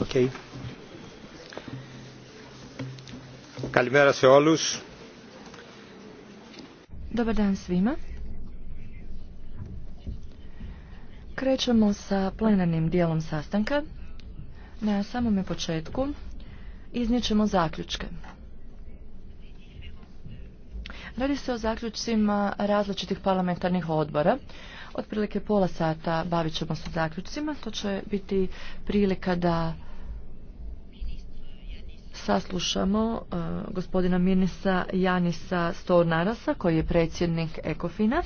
Okay. Kalimera Dobar dan svima. Krećemo sa plenarnim dijelom sastanka. Na samome početku iznijet ćemo zaključke. Radi se o zaključcima različitih parlamentarnih odbora. Otprilike pola sata bavit ćemo se zaključcima. To će biti prilika da saslušamo e, gospodina ministra Janisa Stornarasa koji je predsjednik Ekofina.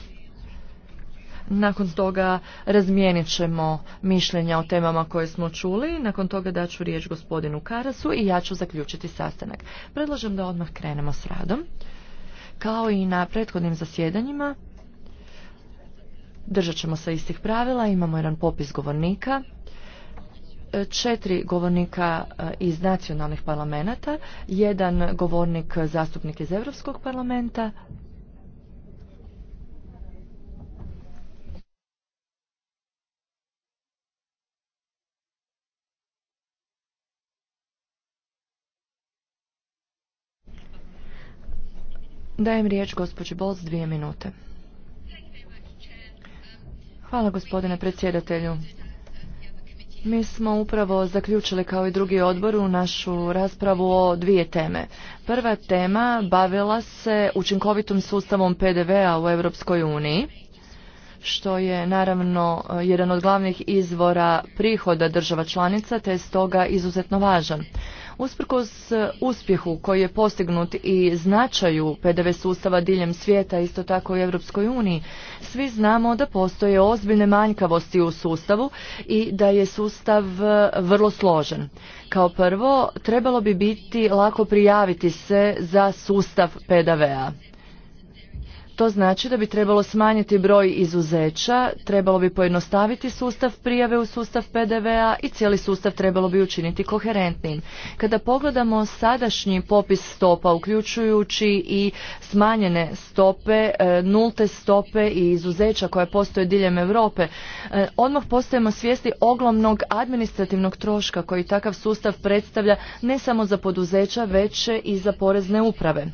Nakon toga razmijenit ćemo mišljenja o temama koje smo čuli. Nakon toga daću riječ gospodinu Karasu i ja ću zaključiti sastanak. Predlažem da odmah krenemo s radom. Kao i na prethodnim zasjedanjima, držat ćemo se istih pravila, imamo jedan popis govornika, e, četiri govornika e, iz nacionalnih parlamenta, jedan govornik zastupnik iz Europskog parlamenta, Dajem riječ gospođi Bolz dvije minute. Hvala gospodine predsjedatelju. Mi smo upravo zaključili kao i drugi odbor u našu raspravu o dvije teme. Prva tema bavila se učinkovitom sustavom PDV-a u Europskoj uniji što je naravno e, jedan od glavnih izvora prihoda država članica te je stoga izuzetno važan. Usprkos e, uspjehu koji je postignut i značaju PDV sustava diljem svijeta, isto tako i Europskoj uniji, svi znamo da postoje ozbiljne manjkavosti u sustavu i da je sustav e, vrlo složen. Kao prvo, trebalo bi biti lako prijaviti se za sustav PDV-a. To znači da bi trebalo smanjiti broj izuzeća, trebalo bi pojednostaviti sustav prijave u sustav PDV-a i cijeli sustav trebalo bi učiniti koherentnim. Kada pogledamo sadašnji popis stopa, uključujući i smanjene stope, e, nulte stope i izuzeća koja postoje diljem Europe, e, odmah postajemo svijesti ogromnog administrativnog troška koji takav sustav predstavlja ne samo za poduzeća, već i za porezne uprave.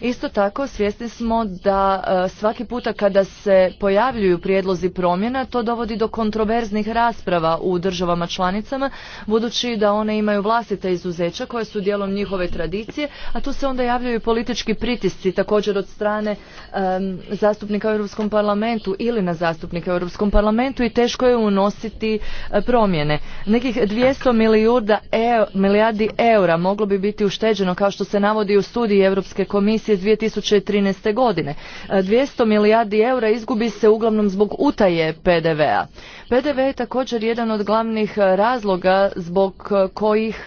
Isto tako svjesni smo da e, svaki puta kada se pojavljuju prijedlozi promjena to dovodi do kontroverznih rasprava u državama članicama budući da one imaju vlastite izuzeća koje su dijelom njihove tradicije, a tu se onda javljaju politički pritisci također od strane zastupnika u Europskom parlamentu ili na zastupnike u Europskom parlamentu i teško je unositi e, promjene. Nekih 200 e, milijardi eura moglo bi biti ušteđeno kao što se navodi u studiji Europske komisije komisije iz 2013. godine. 200 e, milijardi eura izgubi se uglavnom zbog utaje PDV-a. PDV je također jedan od glavnih e, razloga zbog e, kojih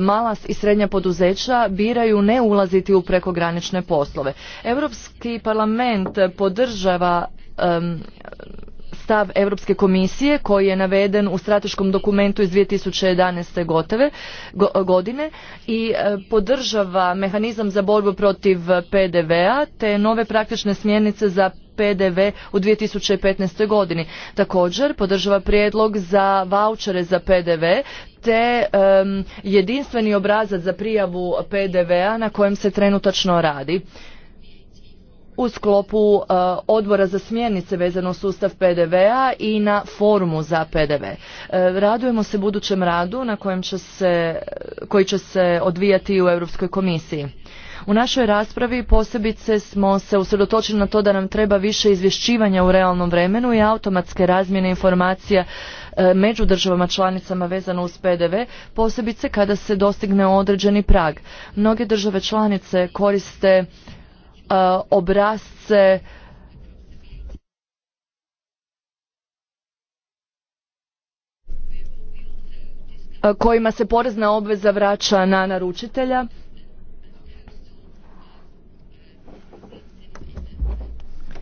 mala i srednja poduzeća biraju ne ulaziti u prekogranične poslove. Europski parlament podržava stav Europske komisije koji je naveden u strateškom dokumentu iz 2011. godine i e, podržava mehanizam za borbu protiv PDV-a te nove praktične smjernice za PDV u 2015. godini. Također podržava prijedlog za vouchere za PDV te jedinstveni obrazac za prijavu PDV-a na kojem se trenutačno radi u sklopu e, odbora za smjernice vezano sustav PDV-a i na forumu za PDV. E, radujemo se budućem radu na kojem će se, koji će se odvijati u Europskoj komisiji. U našoj raspravi posebice smo se usredotočili na to da nam treba više izvješćivanja u realnom vremenu i automatske razmjene informacija e, među državama članicama vezano uz PDV, posebice kada se dostigne određeni prag. Mnoge države članice koriste E, obrazce e, kojima se porezna obveza vraća na naručitelja.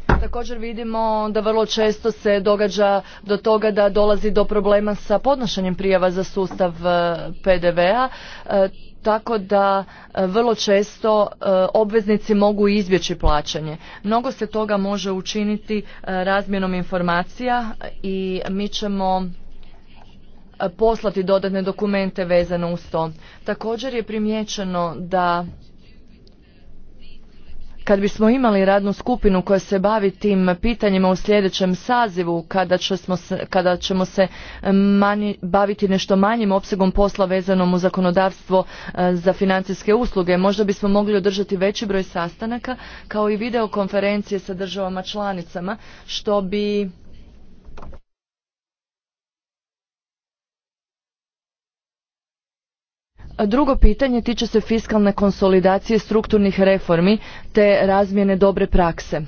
Također vidimo da vrlo često se događa do toga da dolazi do problema sa podnošenjem prijava za sustav e, PDV-a tako da e, vrlo često e, obveznici mogu izbjeći plaćanje. Mnogo se toga može učiniti e, razmjenom informacija i mi ćemo poslati dodatne dokumente vezano uz to. Također je primijećeno da kad bismo imali radnu skupinu koja se bavi tim pitanjima u sljedećem sazivu kada, ćemo se, kada ćemo se e, baviti nešto manjim opsegom posla vezanom u zakonodavstvo e, za financijske usluge možda bismo mogli održati veći broj sastanaka kao i videokonferencije sa državama članicama što bi Drugo pitanje tiče se fiskalne konsolidacije strukturnih reformi te razmjene dobre prakse.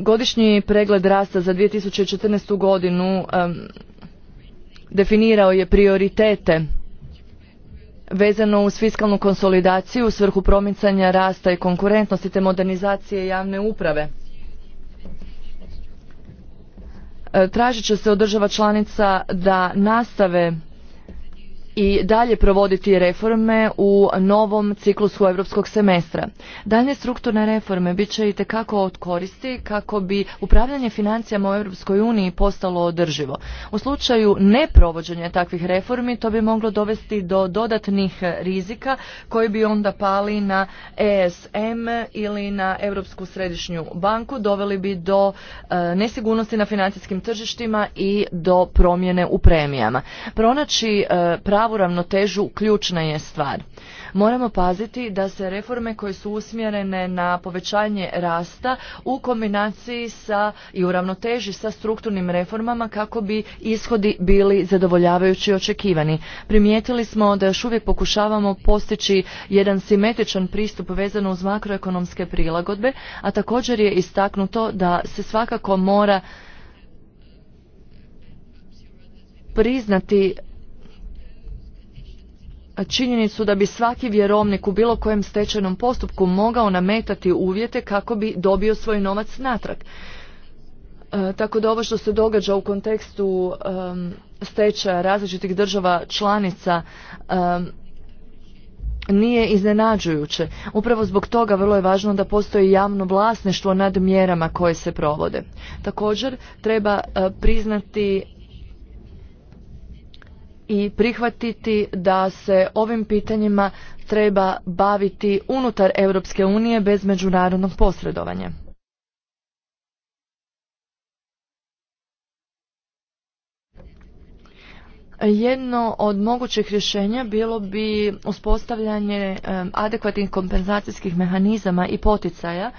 Godišnji pregled rasta za 2014. godinu definirao je prioritete vezano uz fiskalnu konsolidaciju u svrhu promicanja rasta i konkurentnosti te modernizacije javne uprave. Tražit će se od država članica da nastave i dalje provoditi reforme u novom ciklusu europskog semestra. Dalje strukturne reforme bit će i tekako od koristi kako bi upravljanje financijama u Europskoj uniji postalo održivo. U slučaju neprovođenja takvih reformi to bi moglo dovesti do dodatnih rizika koji bi onda pali na ESM ili na Europsku središnju banku, doveli bi do e, nesigurnosti na financijskim tržištima i do promjene u premijama. Pronaći e, pravo pravu ravnotežu ključna je stvar. Moramo paziti da se reforme koje su usmjerene na povećanje rasta u kombinaciji sa i u ravnoteži sa strukturnim reformama kako bi ishodi bili zadovoljavajući i očekivani. Primijetili smo da još uvijek pokušavamo postići jedan simetričan pristup vezano uz makroekonomske prilagodbe, a također je istaknuto da se svakako mora priznati činjenicu da bi svaki vjerovnik u bilo kojem stečajnom postupku mogao nametati uvjete kako bi dobio svoj novac natrag. E, tako da ovo što se događa u kontekstu stečaja različitih država članica nije iznenađujuće. Upravo zbog toga vrlo je važno da postoji javno vlasništvo nad mjerama koje se provode. Također treba e, priznati i prihvatiti da se ovim pitanjima treba baviti unutar Europske unije bez međunarodnog posredovanja. Jedno od mogućih rješenja bilo bi uspostavljanje adekvatnih kompenzacijskih mehanizama i poticaja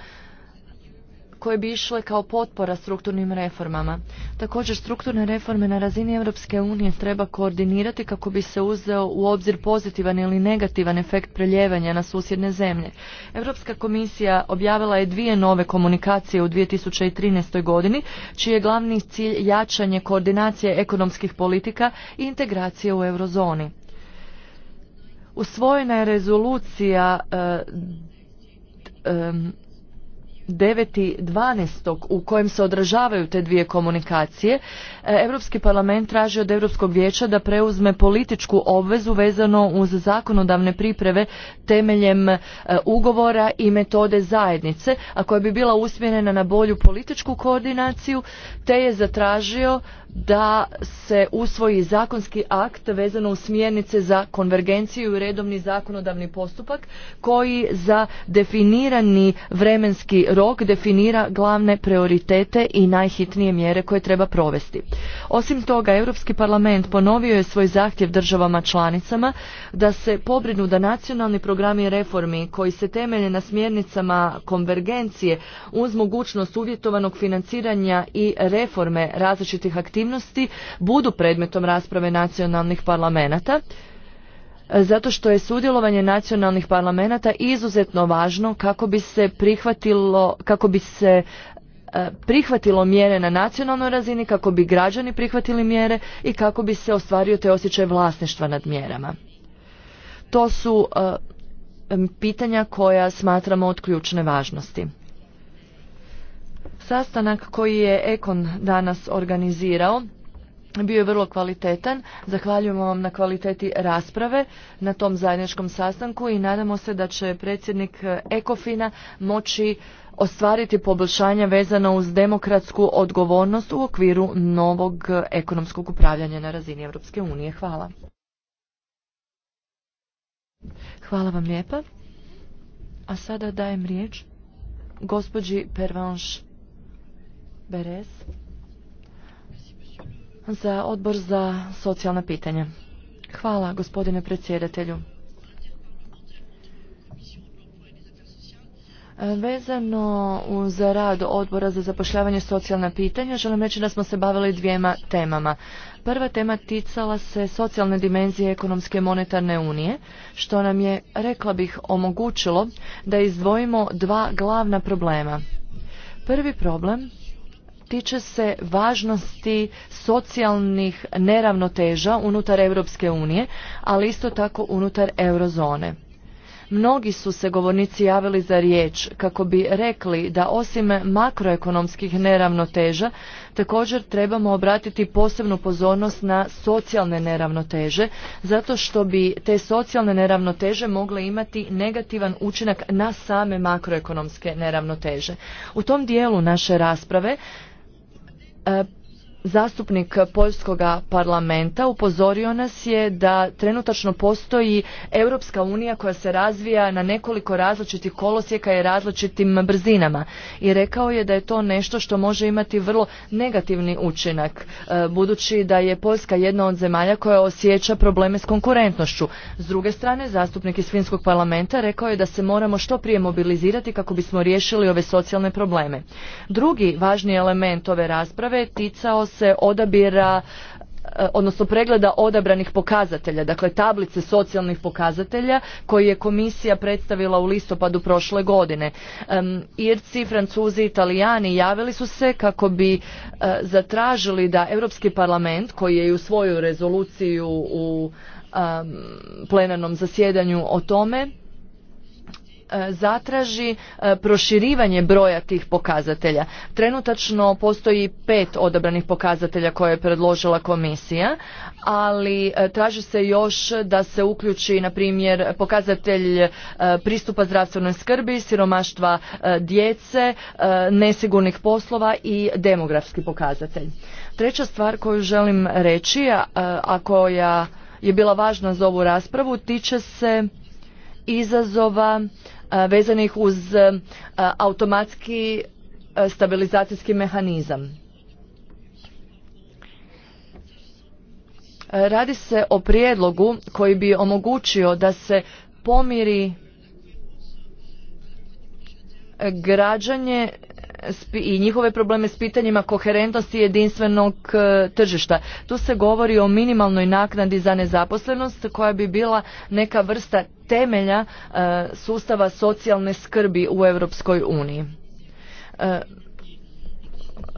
koje bi išle kao potpora strukturnim reformama. Također strukturne reforme na razini Europske unije treba koordinirati kako bi se uzeo u obzir pozitivan ili negativan efekt preljevanja na susjedne zemlje. Europska komisija objavila je dvije nove komunikacije u 2013. godini, čiji je glavni cilj jačanje koordinacije ekonomskih politika i integracije u eurozoni. Usvojena je rezolucija eh, 9.12. u kojem se odražavaju te dvije komunikacije, e, Europski parlament traži od Europskog vijeća da preuzme političku obvezu vezano uz zakonodavne pripreve temeljem e, ugovora i metode zajednice, a koja bi bila usmjerena na bolju političku koordinaciju, te je zatražio da se usvoji zakonski akt vezano u smjernice za konvergenciju i redovni zakonodavni postupak koji za definirani vremenski rok definira glavne prioritete i najhitnije mjere koje treba provesti. Osim toga, Europski parlament ponovio je svoj zahtjev državama članicama da se pobrinu da nacionalni programi reformi koji se temelje na smjernicama konvergencije uz mogućnost uvjetovanog financiranja i reforme različitih aktivnosti budu predmetom rasprave nacionalnih parlamenta zato što je sudjelovanje nacionalnih parlamenata izuzetno važno kako bi se prihvatilo, kako bi se e, prihvatilo mjere na nacionalnoj razini, kako bi građani prihvatili mjere i kako bi se ostvario te osjećaj vlasništva nad mjerama. To su e, pitanja koja smatramo od ključne važnosti. Sastanak koji je Ekon danas organizirao bio je vrlo kvalitetan. Zahvaljujemo vam na kvaliteti rasprave na tom zajedničkom sastanku i nadamo se da će predsjednik Ekofina moći ostvariti poboljšanja vezano uz demokratsku odgovornost u okviru novog ekonomskog upravljanja na razini Europske unije. Hvala. Hvala vam lijepa. A sada dajem riječ gospođi Pervanš Beres za odbor za socijalna pitanja. Hvala gospodine predsjedatelju. Vezano uz rad odbora za zapošljavanje socijalna pitanja, želim reći da smo se bavili dvijema temama. Prva tema ticala se socijalne dimenzije ekonomske monetarne unije, što nam je, rekla bih, omogućilo da izdvojimo dva glavna problema. Prvi problem tiče se važnosti socijalnih neravnoteža unutar Europske unije, ali isto tako unutar eurozone. Mnogi su se govornici javili za riječ kako bi rekli da osim makroekonomskih neravnoteža također trebamo obratiti posebnu pozornost na socijalne neravnoteže zato što bi te socijalne neravnoteže mogle imati negativan učinak na same makroekonomske neravnoteže. U tom dijelu naše rasprave uh, zastupnik Poljskog parlamenta upozorio nas je da trenutačno postoji Europska unija koja se razvija na nekoliko različitih kolosijeka i različitim brzinama i rekao je da je to nešto što može imati vrlo negativni učinak e, budući da je Poljska jedna od zemalja koja osjeća probleme s konkurentnošću. S druge strane zastupnik iz Finskog parlamenta rekao je da se moramo što prije mobilizirati kako bismo riješili ove socijalne probleme. Drugi važni element ove rasprave ticao se odabira e, odnosno pregleda odabranih pokazatelja, dakle tablice socijalnih pokazatelja koje je komisija predstavila u listopadu prošle godine. Irci, Francuzi i Italijani javili su se kako bi e, zatražili da Europski parlament koji je i svoju rezoluciju u plenarnom zasjedanju o tome E, zatraži e, proširivanje broja tih pokazatelja. Trenutačno postoji pet odabranih pokazatelja koje je predložila komisija, ali e, traži se još da se uključi, na primjer, pokazatelj pristupa zdravstvenoj skrbi, siromaštva djece, nesigurnih poslova i demografski pokazatelj. Treća stvar koju želim reći, a koja je bila važna za ovu raspravu, tiče se izazova vezanih uz automatski stabilizacijski mehanizam. Radi se o prijedlogu koji bi omogućio da se pomiri građanje i njihove probleme s pitanjima koherentnosti jedinstvenog e, tržišta. Tu se govori o minimalnoj naknadi za nezaposlenost koja bi bila neka vrsta temelja e, sustava socijalne skrbi u Europskoj uniji. E,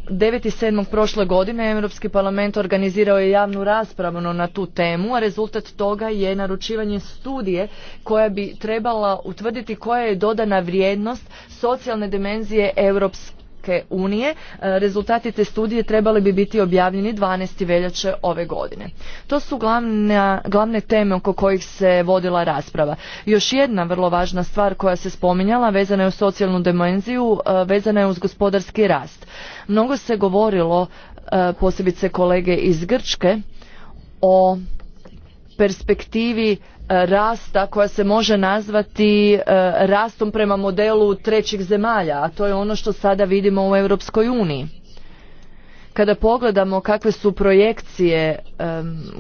9.7. prošle godine Europski parlament organizirao je javnu raspravu na tu temu, a rezultat toga je naručivanje studije koja bi trebala utvrditi koja je dodana vrijednost socijalne dimenzije europske unije. E, rezultati te studije trebali bi biti objavljeni 12. veljače ove godine. To su glavne, glavne teme oko kojih se vodila rasprava. Još jedna vrlo važna stvar koja se spominjala vezana je uz socijalnu demenziju, e, vezana je uz gospodarski rast. Mnogo se govorilo, e, posebice kolege iz Grčke, o perspektivi E, rasta koja se može nazvati e, rastom prema modelu trećih zemalja, a to je ono što sada vidimo u Europskoj uniji. Kada pogledamo kakve su projekcije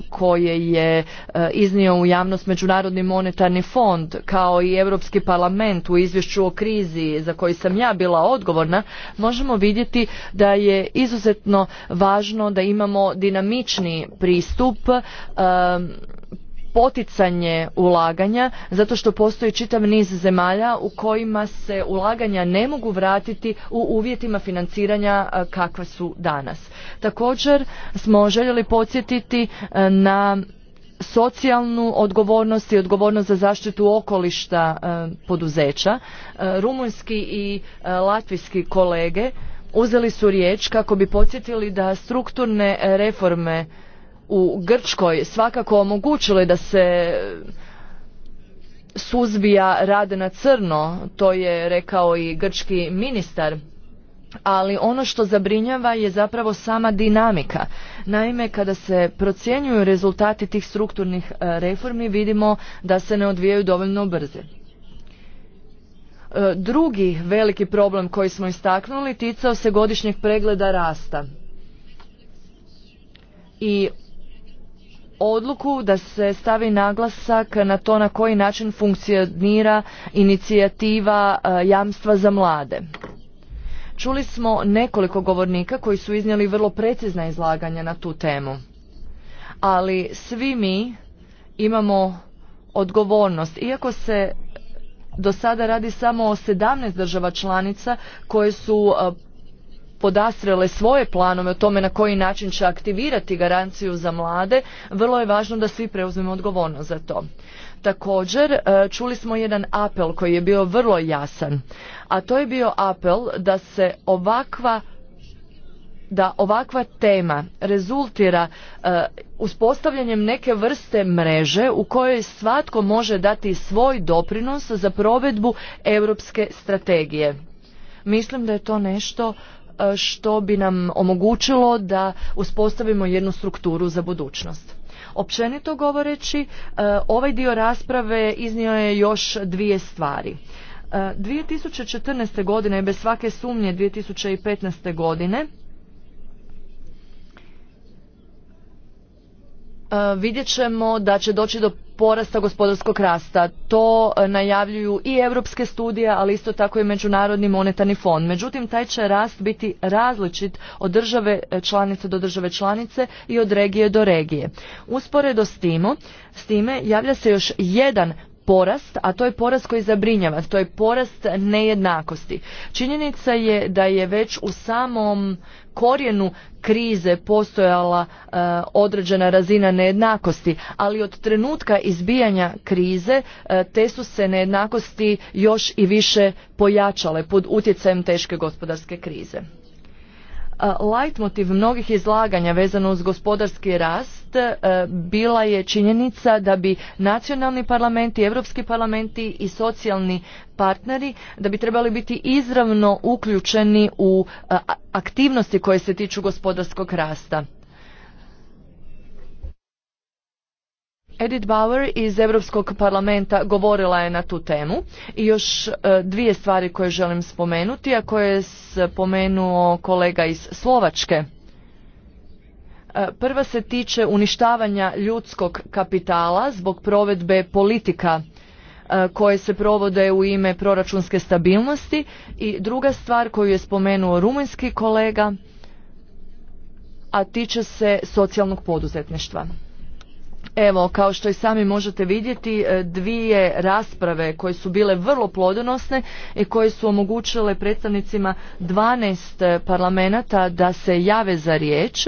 koje je e, iznio u javnost Međunarodni monetarni fond kao i Europski parlament u izvješću o krizi za koji sam ja bila odgovorna, možemo vidjeti da je izuzetno važno da imamo dinamični pristup poticanje ulaganja zato što postoji čitav niz zemalja u kojima se ulaganja ne mogu vratiti u uvjetima financiranja kakva su danas. Također smo željeli podsjetiti na socijalnu odgovornost i odgovornost za zaštitu okolišta poduzeća. Rumunjski i latvijski kolege uzeli su riječ kako bi podsjetili da strukturne reforme u Grčkoj svakako omogućili da se suzbija rad na crno, to je rekao i grčki ministar. Ali ono što zabrinjava je zapravo sama dinamika. Naime, kada se procjenjuju rezultati tih strukturnih e, reformi, vidimo da se ne odvijaju dovoljno brze. E, drugi veliki problem koji smo istaknuli ticao se godišnjeg pregleda rasta. I odluku da se stavi naglasak na to na koji način funkcionira inicijativa e, jamstva za mlade. Čuli smo nekoliko govornika koji su iznijeli vrlo precizna izlaganja na tu temu. Ali svi mi imamo odgovornost. Iako se do sada radi samo o sedamnaest država članica koje su e, podastrele svoje planove o tome na koji način će aktivirati garanciju za mlade, vrlo je važno da svi preuzmemo odgovornost za to. Također, e, čuli smo jedan apel koji je bio vrlo jasan, a to je bio apel da se ovakva da ovakva tema rezultira e, uspostavljanjem neke vrste mreže u kojoj svatko može dati svoj doprinos za provedbu europske strategije. Mislim da je to nešto E, što bi nam omogućilo da uspostavimo jednu strukturu za budućnost. Općenito govoreći, e, ovaj dio rasprave iznio je još dvije stvari. 2014. E, godine bez svake sumnje 2015. godine vidjet ćemo da će doći do porasta gospodarskog rasta. To e, najavljuju i europske studije, ali isto tako i Međunarodni monetarni fond. Međutim, taj će rast biti različit od države e, članice do države članice i od regije do regije. Usporedo s, timo, s time javlja se još jedan porast, a to je porast koji zabrinjava, to je porast nejednakosti. Činjenica je da je već u samom korijenu krize postojala e, određena razina nejednakosti, ali od trenutka izbijanja krize e, te su se nejednakosti još i više pojačale pod utjecajem teške gospodarske krize. Lajtmotiv mnogih izlaganja vezano uz gospodarski rast e, bila je činjenica da bi nacionalni parlamenti, europski parlamenti i socijalni partneri da bi trebali biti izravno uključeni u e, aktivnosti koje se tiču gospodarskog rasta. Edith Bauer iz Europskog parlamenta govorila je na tu temu i još e, dvije stvari koje želim spomenuti, a koje je spomenuo kolega iz Slovačke. E, prva se tiče uništavanja ljudskog kapitala zbog provedbe politika e, koje se provode u ime proračunske stabilnosti i druga stvar koju je spomenuo rumunjski kolega, a tiče se socijalnog poduzetništva. Evo, kao što i sami možete vidjeti, e, dvije rasprave koje su bile vrlo plodonosne i koje su omogućile predstavnicima 12 e, parlamenta da se jave za riječ.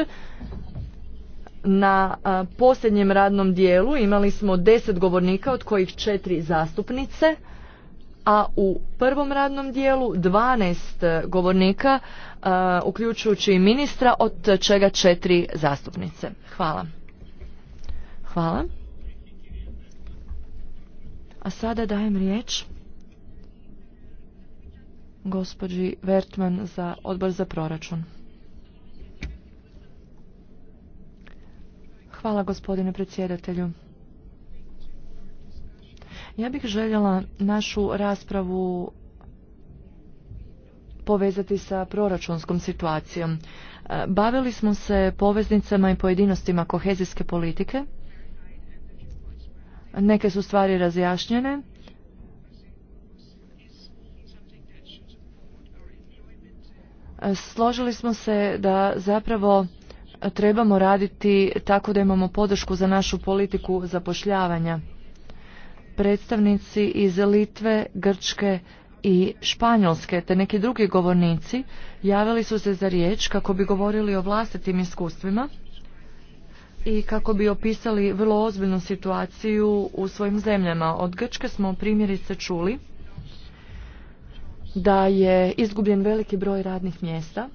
Na posljednjem radnom dijelu imali smo 10 govornika od kojih četiri zastupnice, a u prvom radnom dijelu 12 e, govornika, uključujući i ministra, od čega četiri zastupnice. Hvala. Hvala. A sada dajem riječ gospođi Vertman za odbor za proračun. Hvala gospodine predsjedatelju. Ja bih željela našu raspravu povezati sa proračunskom situacijom. Bavili smo se poveznicama i pojedinostima kohezijske politike Neke su stvari razjašnjene. Složili smo se da zapravo trebamo raditi tako da imamo podršku za našu politiku zapošljavanja. Predstavnici iz Litve, Grčke i Španjolske te neki drugi govornici javili su se za riječ kako bi govorili o vlastitim iskustvima i kako bi opisali vrlo ozbiljnu situaciju u svojim zemljama. Od Grčke smo primjerice čuli da je izgubljen veliki broj radnih mjesta,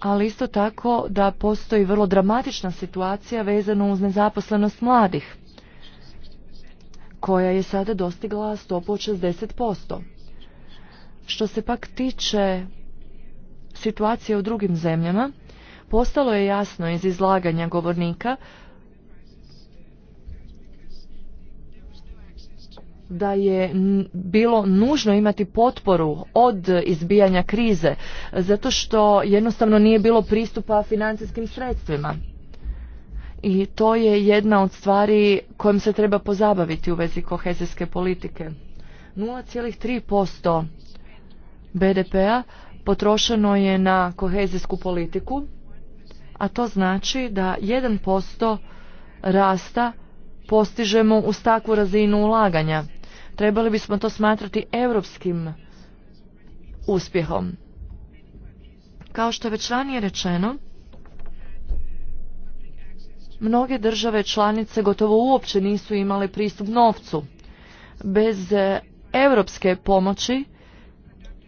ali isto tako da postoji vrlo dramatična situacija vezana uz nezaposlenost mladih, koja je sada dostigla stopu od 60%. Što se pak tiče situacije u drugim zemljama, Postalo je jasno iz izlaganja govornika da je bilo nužno imati potporu od izbijanja krize zato što jednostavno nije bilo pristupa financijskim sredstvima. I to je jedna od stvari kojom se treba pozabaviti u vezi kohezijske politike. 0,3% BDP-a potrošeno je na kohezijsku politiku a to znači da 1% rasta postižemo uz takvu razinu ulaganja. Trebali bismo to smatrati europskim uspjehom. Kao što je već ranije rečeno, mnoge države članice gotovo uopće nisu imale pristup novcu. Bez e, europske pomoći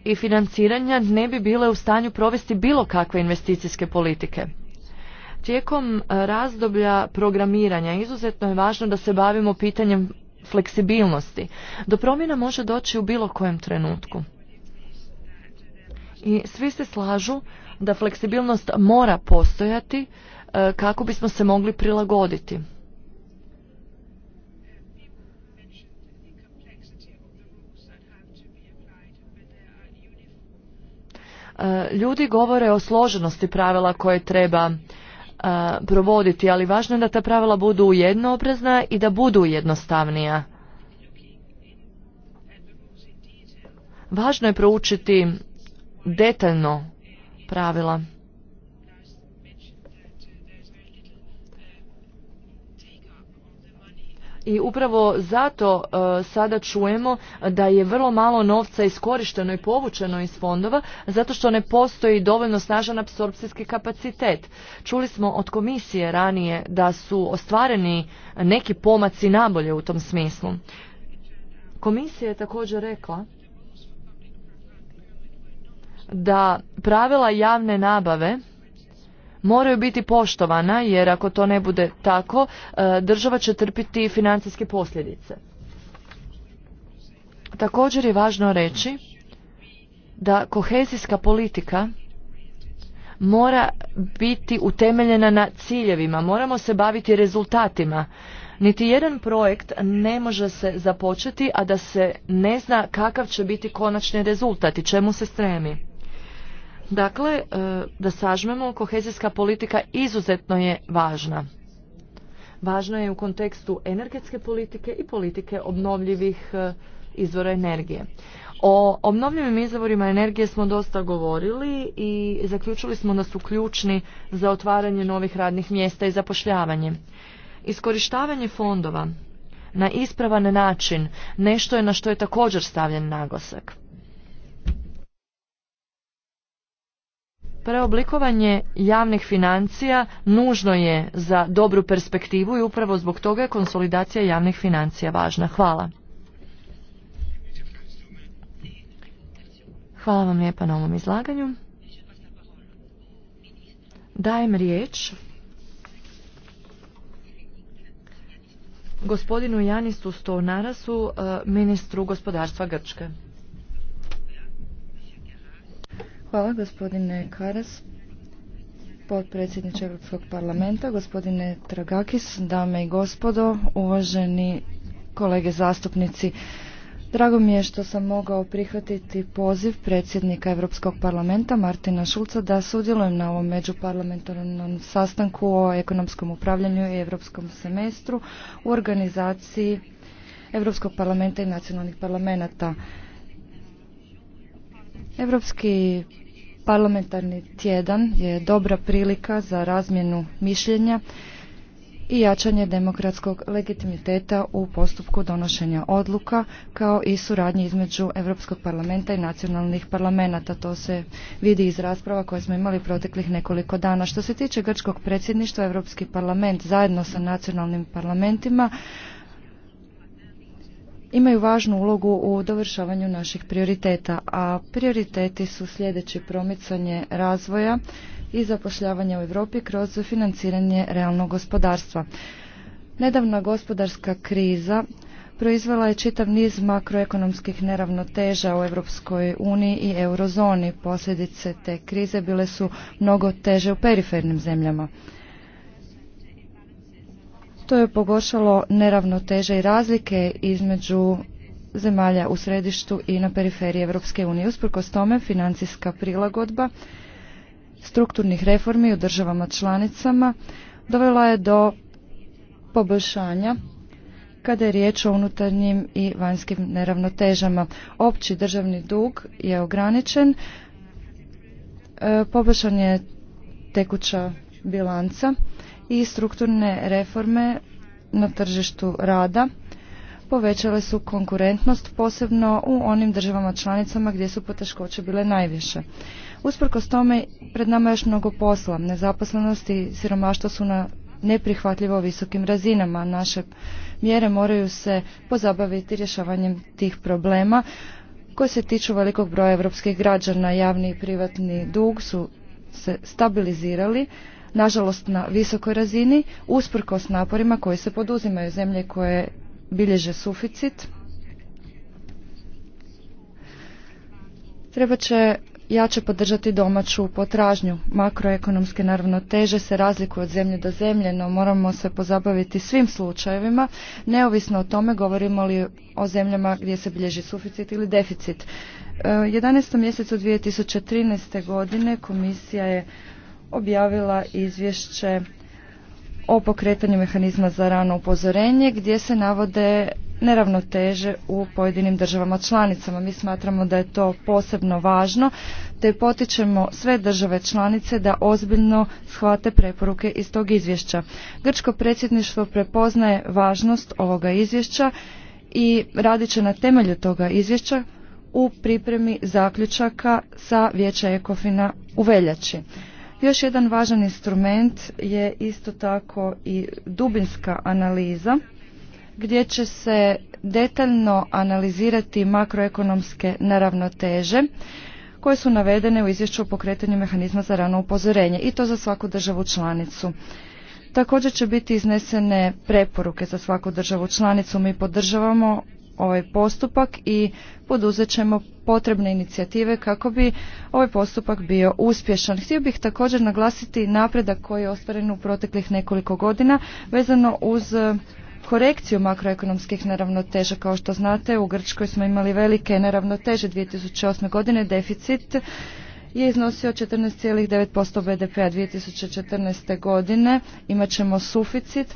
i financiranja ne bi bile u stanju provesti bilo kakve investicijske politike. Tijekom e, razdoblja programiranja izuzetno je važno da se bavimo pitanjem fleksibilnosti. Do promjena može doći u bilo kojem trenutku. I svi se slažu da fleksibilnost mora postojati e, kako bismo se mogli prilagoditi. E, ljudi govore o složenosti pravila koje treba provoditi, ali važno je da ta pravila budu jednoobrazna i da budu jednostavnija. Važno je proučiti detaljno pravila. i upravo zato e, sada čujemo da je vrlo malo novca iskorišteno i povučeno iz fondova zato što ne postoji dovoljno snažan apsorpcijski kapacitet. Čuli smo od komisije ranije da su ostvareni neki pomaci nabolje u tom smislu. Komisija je također rekla da pravila javne nabave moraju biti poštovana jer ako to ne bude tako e, država će trpiti financijske posljedice. Također je važno reći da kohezijska politika mora biti utemeljena na ciljevima, moramo se baviti rezultatima. Niti jedan projekt ne može se započeti, a da se ne zna kakav će biti konačni rezultat i čemu se stremi. Dakle, e, da sažmemo, kohezijska politika izuzetno je važna. Važna je u kontekstu energetske politike i politike obnovljivih e, izvora energije. O obnovljivim izvorima energije smo dosta govorili i zaključili smo da su ključni za otvaranje novih radnih mjesta i zapošljavanje. Iskorištavanje fondova na ispravan način nešto je na što je također stavljen naglasak. Preoblikovanje javnih financija nužno je za dobru perspektivu i upravo zbog toga je konsolidacija javnih financija važna. Hvala. Hvala vam lijepa na ovom izlaganju. Dajem riječ gospodinu Janisu Stonarasu, eh, ministru gospodarstva Grčke. Hvala gospodine Karas, potpredsjedniče Europskog parlamenta, gospodine Tragakis, dame i gospodo, uvaženi kolege zastupnici. Drago mi je što sam mogao prihvatiti poziv predsjednika Europskog parlamenta Martina Šulca da sudjelujem na ovom međuparlamentarnom sastanku o ekonomskom upravljanju i europskom semestru u organizaciji Europskog parlamenta i nacionalnih parlamenta. Europski Parlamentarni tjedan je dobra prilika za razmjenu mišljenja i jačanje demokratskog legitimiteta u postupku donošenja odluka kao i suradnje između Europskog parlamenta i nacionalnih parlamenta. To se vidi iz rasprava koje smo imali proteklih nekoliko dana. Što se tiče grčkog predsjedništva, Europski parlament zajedno sa nacionalnim parlamentima imaju važnu ulogu u dovršavanju naših prioriteta, a prioriteti su sljedeći promicanje razvoja i zapošljavanja u Europi kroz financiranje realnog gospodarstva. Nedavna gospodarska kriza proizvela je čitav niz makroekonomskih neravnoteža u Europskoj uniji i eurozoni. Posljedice te krize bile su mnogo teže u perifernim zemljama. To je pogoršalo neravnoteže i razlike između zemalja u središtu i na periferiji Europske unije. Usprkos tome, financijska prilagodba strukturnih reformi u državama članicama dovela je do poboljšanja kada je riječ o unutarnjim i vanjskim neravnotežama. Opći državni dug je ograničen, e, poboljšan je tekuća bilanca i strukturne reforme na tržištu rada povećale su konkurentnost posebno u onim državama članicama gdje su poteškoće bile najviše. Usprkos tome pred nama je još mnogo posla. Nezaposlenost i siromaštvo su na neprihvatljivo visokim razinama. Naše mjere moraju se pozabaviti rješavanjem tih problema koje se tiču velikog broja evropskih građana. Javni i privatni dug su se stabilizirali nažalost na visokoj razini, usprkos naporima koji se poduzimaju zemlje koje bilježe suficit. Treba će jače podržati domaću potražnju. Makroekonomske naravno teže se razlikuju od zemlje do zemlje, no moramo se pozabaviti svim slučajevima, neovisno o tome govorimo li o zemljama gdje se bilježi suficit ili deficit. 11. E, mjesecu 2013. godine komisija je objavila izvješće o pokretanju mehanizma za rano upozorenje gdje se navode neravnoteže u pojedinim državama članicama. Mi smatramo da je to posebno važno te potičemo sve države članice da ozbiljno shvate preporuke iz tog izvješća. Grčko predsjedništvo prepoznaje važnost ovoga izvješća i radit će na temelju toga izvješća u pripremi zaključaka sa vijeća Ekofina u veljači. Još jedan važan instrument je isto tako i dubinska analiza gdje će se detaljno analizirati makroekonomske neravnoteže koje su navedene u izvješću o pokretanju mehanizma za rano upozorenje i to za svaku državu članicu. Također će biti iznesene preporuke za svaku državu članicu. Mi podržavamo ovaj postupak i poduzet ćemo potrebne inicijative kako bi ovaj postupak bio uspješan. Htio bih također naglasiti napredak koji je ostvaren u proteklih nekoliko godina vezano uz e, korekciju makroekonomskih neravnoteža. Kao što znate, u Grčkoj smo imali velike neravnoteže 2008. godine, deficit je iznosio 14,9% BDP-a 2014. godine. Imaćemo suficit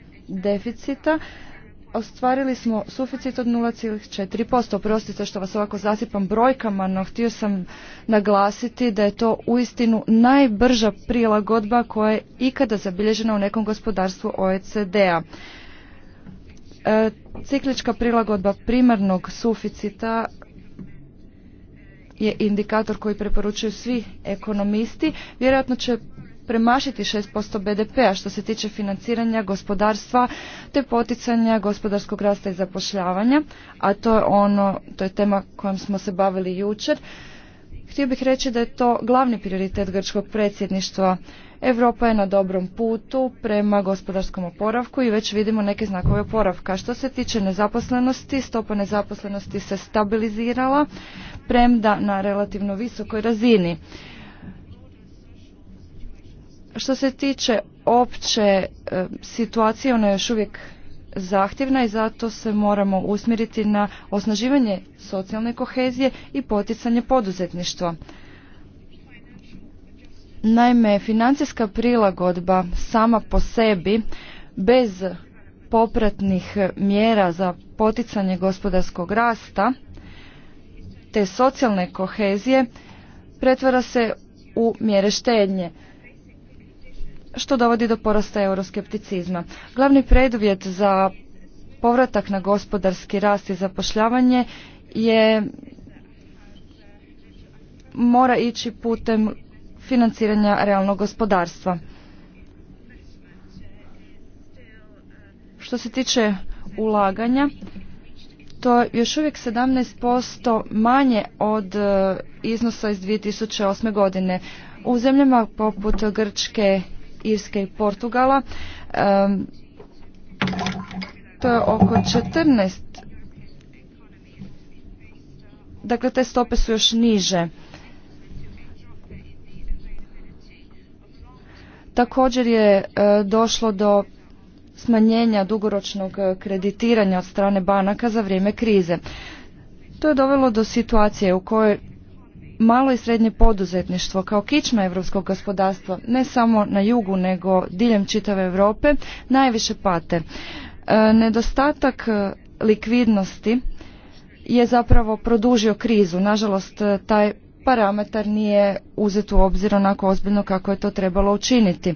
deficita ostvarili smo suficit od 0,4%. Prostite što vas ovako zasipam brojkama, no htio sam naglasiti da je to uistinu najbrža prilagodba koja je ikada zabilježena u nekom gospodarstvu OECD-a. E, ciklička prilagodba primarnog suficita je indikator koji preporučuju svi ekonomisti. Vjerojatno će premašiti 6% BDP-a što se tiče financiranja gospodarstva te poticanja gospodarskog rasta i zapošljavanja, a to je ono, to je tema kojom smo se bavili jučer. Htio bih reći da je to glavni prioritet grčkog predsjedništva. Europa je na dobrom putu prema gospodarskom oporavku i već vidimo neke znakove oporavka. Što se tiče nezaposlenosti, stopa nezaposlenosti se stabilizirala premda na relativno visokoj razini. Što se tiče opće e, situacije, ona je još uvijek zahtjevna i zato se moramo usmjeriti na osnaživanje socijalne kohezije i poticanje poduzetništva. Naime, financijska prilagodba sama po sebi bez popratnih mjera za poticanje gospodarskog rasta te socijalne kohezije pretvara se u mjere štednje što dovodi do porasta euroskepticizma. Glavni preduvjet za povratak na gospodarski rast i zapošljavanje je mora ići putem financiranja realnog gospodarstva. Što se tiče ulaganja, to je još uvijek 17% manje od e, iznosa iz 2008. godine. U zemljama poput Grčke Irske i Portugala. To je oko 14. Dakle, te stope su još niže. Također je e, došlo do smanjenja dugoročnog e, kreditiranja od strane banaka za vrijeme krize. To je dovelo do situacije u kojoj malo i srednje poduzetništvo kao kičma europskog gospodarstva ne samo na jugu nego diljem čitave Europe najviše pate. E, nedostatak e, likvidnosti je zapravo produžio krizu. Nažalost, e, taj parametar nije uzet u obzir onako ozbiljno kako je to trebalo učiniti.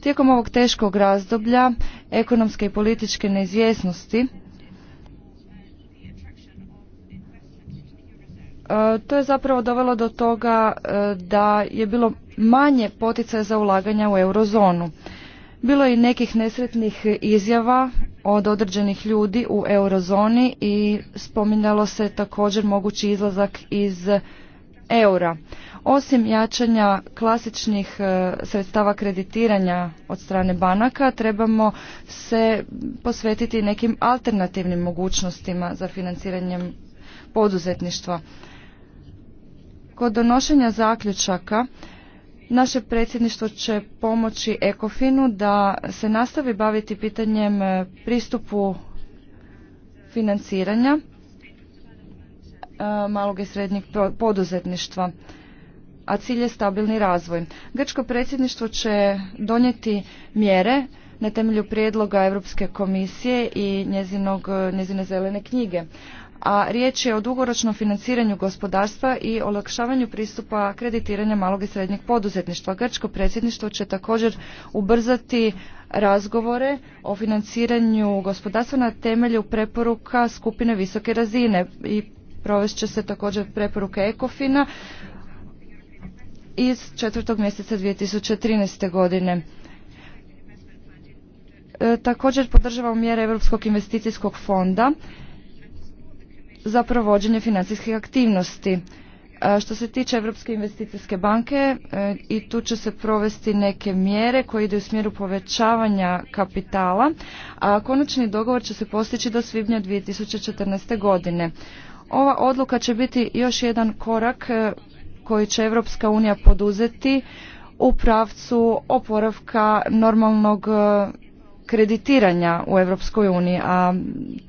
Tijekom ovog teškog razdoblja ekonomske i političke neizvjesnosti E, to je zapravo dovelo do toga e, da je bilo manje poticaja za ulaganja u eurozonu. Bilo je i nekih nesretnih izjava od određenih ljudi u eurozoni i spominjalo se također mogući izlazak iz eura. Osim jačanja klasičnih e, sredstava kreditiranja od strane banaka, trebamo se posvetiti nekim alternativnim mogućnostima za financiranjem poduzetništva. Kod donošenja zaključaka naše predsjedništvo će pomoći Ekofinu da se nastavi baviti pitanjem e, pristupu financiranja e, malog i srednjeg poduzetništva a cilj je stabilni razvoj. Grčko predsjedništvo će donijeti mjere na temelju prijedloga Europske komisije i njezinog, e, njezine zelene knjige a riječ je o dugoročnom financiranju gospodarstva i olakšavanju pristupa kreditiranja malog i srednjeg poduzetništva. Grčko predsjedništvo će također ubrzati razgovore o financiranju gospodarstva na temelju preporuka skupine visoke razine i provest će se također preporuke Ekofina iz četvrtog mjeseca 2013. godine. E, također podržavamo mjere Europskog investicijskog fonda za provođenje financijskih aktivnosti. E, što se tiče Europske investicijske banke e, i tu će se provesti neke mjere koje ide u smjeru povećavanja kapitala, a konačni dogovor će se postići do svibnja 2014. godine. Ova odluka će biti još jedan korak e, koji će Europska unija poduzeti u pravcu oporavka normalnog kreditiranja u Europskoj uniji, a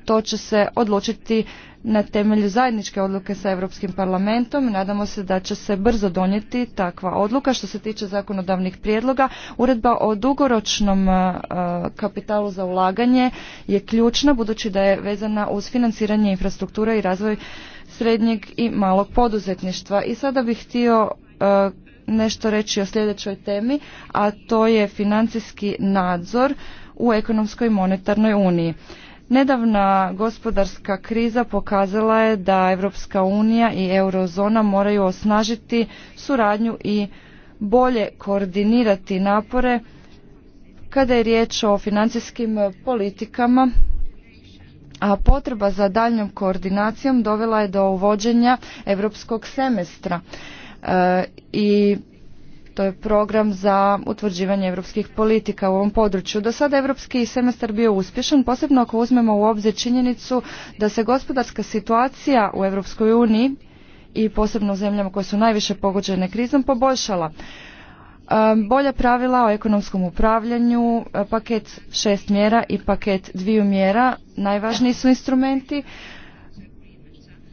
to će se odlučiti na temelju zajedničke odluke sa Europskim parlamentom. Nadamo se da će se brzo donijeti takva odluka. Što se tiče zakonodavnih prijedloga, uredba o dugoročnom e, kapitalu za ulaganje je ključna budući da je vezana uz financiranje infrastrukture i razvoj srednjeg i malog poduzetništva. I sada bih htio e, nešto reći o sljedećoj temi, a to je financijski nadzor u ekonomskoj monetarnoj uniji. Nedavna gospodarska kriza pokazala je da Europska unija i eurozona moraju osnažiti suradnju i bolje koordinirati napore kada je riječ o financijskim politikama, a potreba za daljnjom koordinacijom dovela je do uvođenja europskog semestra e, i to je program za utvrđivanje europskih politika u ovom području. Do sada europski semestar bio uspješan, posebno ako uzmemo u obzir činjenicu da se gospodarska situacija u Europskoj uniji i posebno u zemljama koje su najviše pogođene krizom poboljšala. Bolja pravila o ekonomskom upravljanju, e, paket šest mjera i paket dviju mjera najvažniji su instrumenti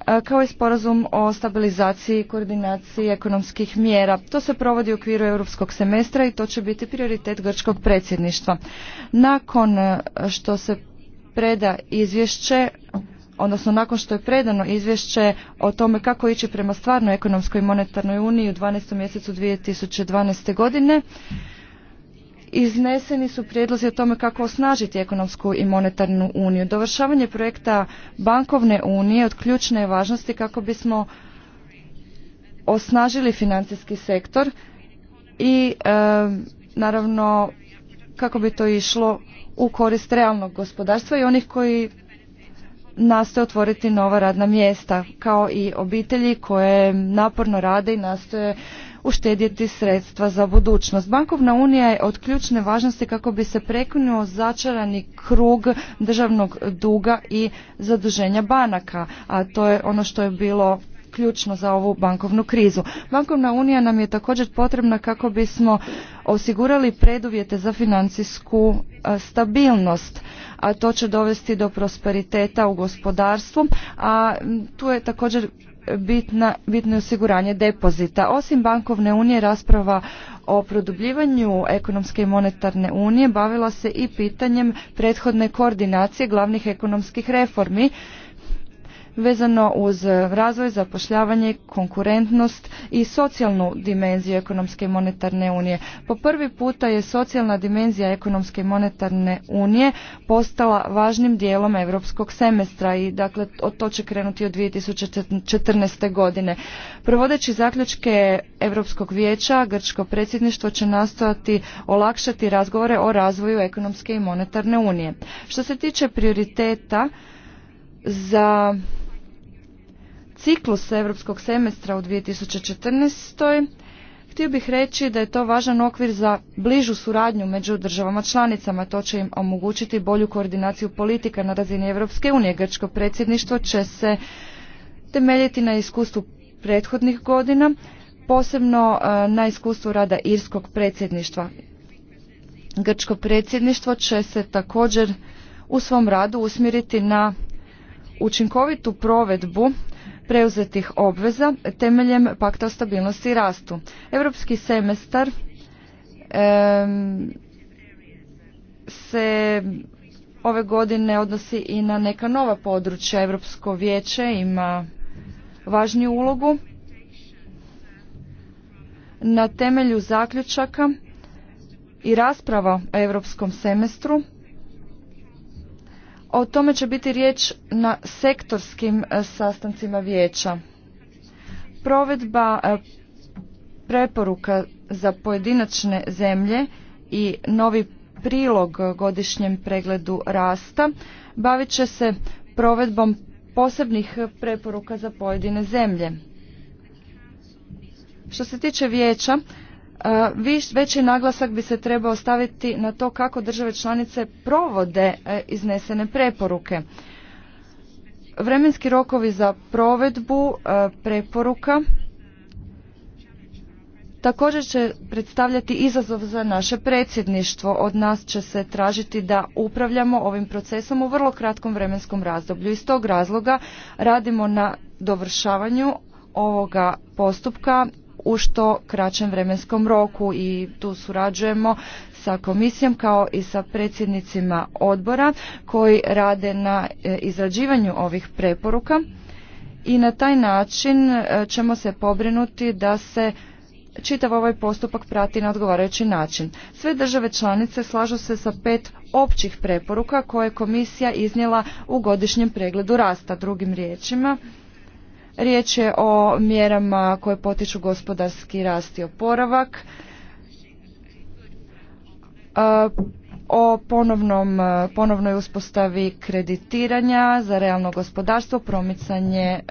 E, kao i sporazum o stabilizaciji i koordinaciji ekonomskih mjera. To se provodi u okviru europskog semestra i to će biti prioritet grčkog predsjedništva. Nakon e, što se preda izvješće, odnosno nakon što je predano izvješće o tome kako ići prema stvarnoj ekonomskoj i monetarnoj uniji u 12. mjesecu 2012. godine, Izneseni su prijedlozi o tome kako osnažiti ekonomsku i monetarnu uniju. Dovršavanje projekta bankovne unije od ključne važnosti kako bismo osnažili financijski sektor i e, naravno kako bi to išlo u korist realnog gospodarstva i onih koji nastoje otvoriti nova radna mjesta kao i obitelji koje naporno rade i nastoje uštedjeti sredstva za budućnost. Bankovna unija je od ključne važnosti kako bi se prekinuo začarani krug državnog duga i zaduženja banaka, a to je ono što je bilo ključno za ovu bankovnu krizu. Bankovna unija nam je također potrebna kako bismo osigurali preduvjete za financijsku stabilnost, a to će dovesti do prosperiteta u gospodarstvu, a tu je također bitna, bitno je osiguranje depozita. Osim bankovne unije rasprava o produbljivanju ekonomske i monetarne unije bavila se i pitanjem prethodne koordinacije glavnih ekonomskih reformi vezano uz razvoj, zapošljavanje, konkurentnost i socijalnu dimenziju ekonomske i monetarne unije. Po prvi puta je socijalna dimenzija ekonomske i monetarne unije postala važnim dijelom europskog semestra i dakle od to će krenuti od 2014. godine. Provodeći zaključke Europskog vijeća, grčko predsjedništvo će nastojati olakšati razgovore o razvoju ekonomske i monetarne unije. Što se tiče prioriteta za ciklus europskog semestra u 2014. Htio bih reći da je to važan okvir za bližu suradnju među državama članicama. To će im omogućiti bolju koordinaciju politika na razini Evropske unije. Grčko predsjedništvo će se temeljiti na iskustvu prethodnih godina, posebno e, na iskustvu rada irskog predsjedništva. Grčko predsjedništvo će se također u svom radu usmjeriti na učinkovitu provedbu preuzetih obveza temeljem pakta o stabilnosti i rastu. Europski semestar se ove godine odnosi i na neka nova područja. Europsko vijeće ima važniju ulogu. Na temelju zaključaka i rasprava o europskom semestru o tome će biti riječ na sektorskim e, sastancima vijeća. Provedba e, preporuka za pojedinačne zemlje i novi prilog godišnjem pregledu rasta bavit će se provedbom posebnih preporuka za pojedine zemlje. Što se tiče vijeća, E, viš, veći naglasak bi se trebao staviti na to kako države članice provode e, iznesene preporuke. Vremenski rokovi za provedbu e, preporuka također će predstavljati izazov za naše predsjedništvo. Od nas će se tražiti da upravljamo ovim procesom u vrlo kratkom vremenskom razdoblju. Iz tog razloga radimo na dovršavanju ovoga postupka u što kraćem vremenskom roku i tu surađujemo sa komisijom kao i sa predsjednicima odbora koji rade na e, izrađivanju ovih preporuka i na taj način e, ćemo se pobrinuti da se čitav ovaj postupak prati na odgovarajući način. Sve države članice slažu se sa pet općih preporuka koje je komisija iznijela u godišnjem pregledu rasta. Drugim riječima, Riječ je o mjerama koje potiču gospodarski rast i oporavak o ponovnom, e, ponovnoj uspostavi kreditiranja za realno gospodarstvo, promicanje e,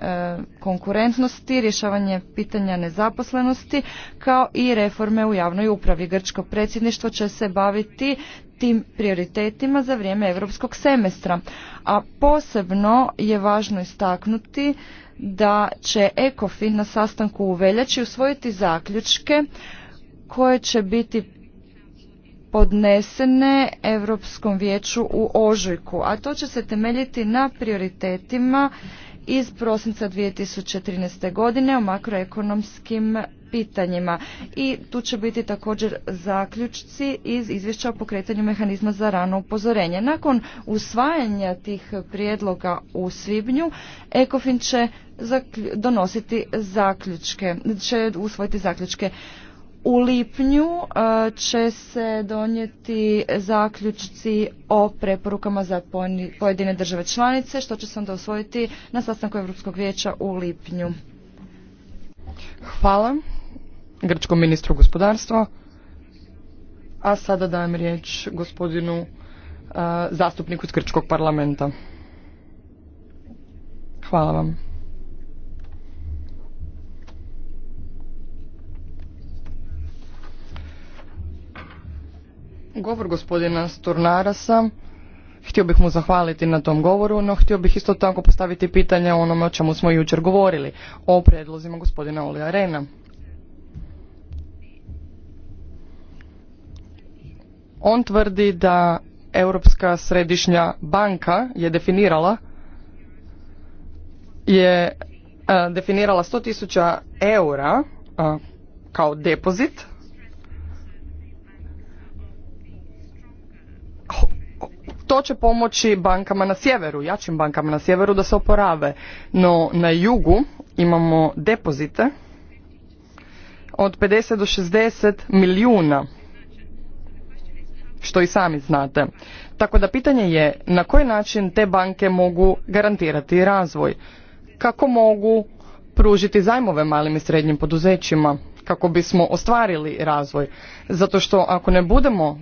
konkurentnosti, rješavanje pitanja nezaposlenosti kao i reforme u javnoj upravi. Grčko predsjedništvo će se baviti tim prioritetima za vrijeme europskog semestra. A posebno je važno istaknuti da će ECOFIN na sastanku u veljači usvojiti zaključke koje će biti podnesene Europskom vijeću u ožujku, a to će se temeljiti na prioritetima iz prosinca 2013. godine o makroekonomskim pitanjima. I tu će biti također zaključci iz izvješća o pokretanju mehanizma za rano upozorenje. Nakon usvajanja tih prijedloga u svibnju, ECOFIN će donositi zaključke, će usvojiti zaključke. U lipnju e, će se donijeti zaključci o preporukama za pojedine države članice, što će se onda osvojiti na sastanku Europskog vijeća u lipnju. Hvala grčkom ministru gospodarstva. A sada dajem riječ gospodinu e, zastupniku iz grčkog parlamenta. Hvala vam. govor gospodina Stornarasa, Htio bih mu zahvaliti na tom govoru, no htio bih isto tako postaviti pitanje o onome o čemu smo jučer govorili, o predlozima gospodina Olija Rena. On tvrdi da Europska središnja banka je definirala je e, definirala 100.000 eura kao depozit to će pomoći bankama na sjeveru, jačim bankama na sjeveru da se oporave. No na jugu imamo depozite od 50 do 60 milijuna, što i sami znate. Tako da pitanje je na koji način te banke mogu garantirati razvoj, kako mogu pružiti zajmove malim i srednjim poduzećima, kako bismo ostvarili razvoj. Zato što ako ne budemo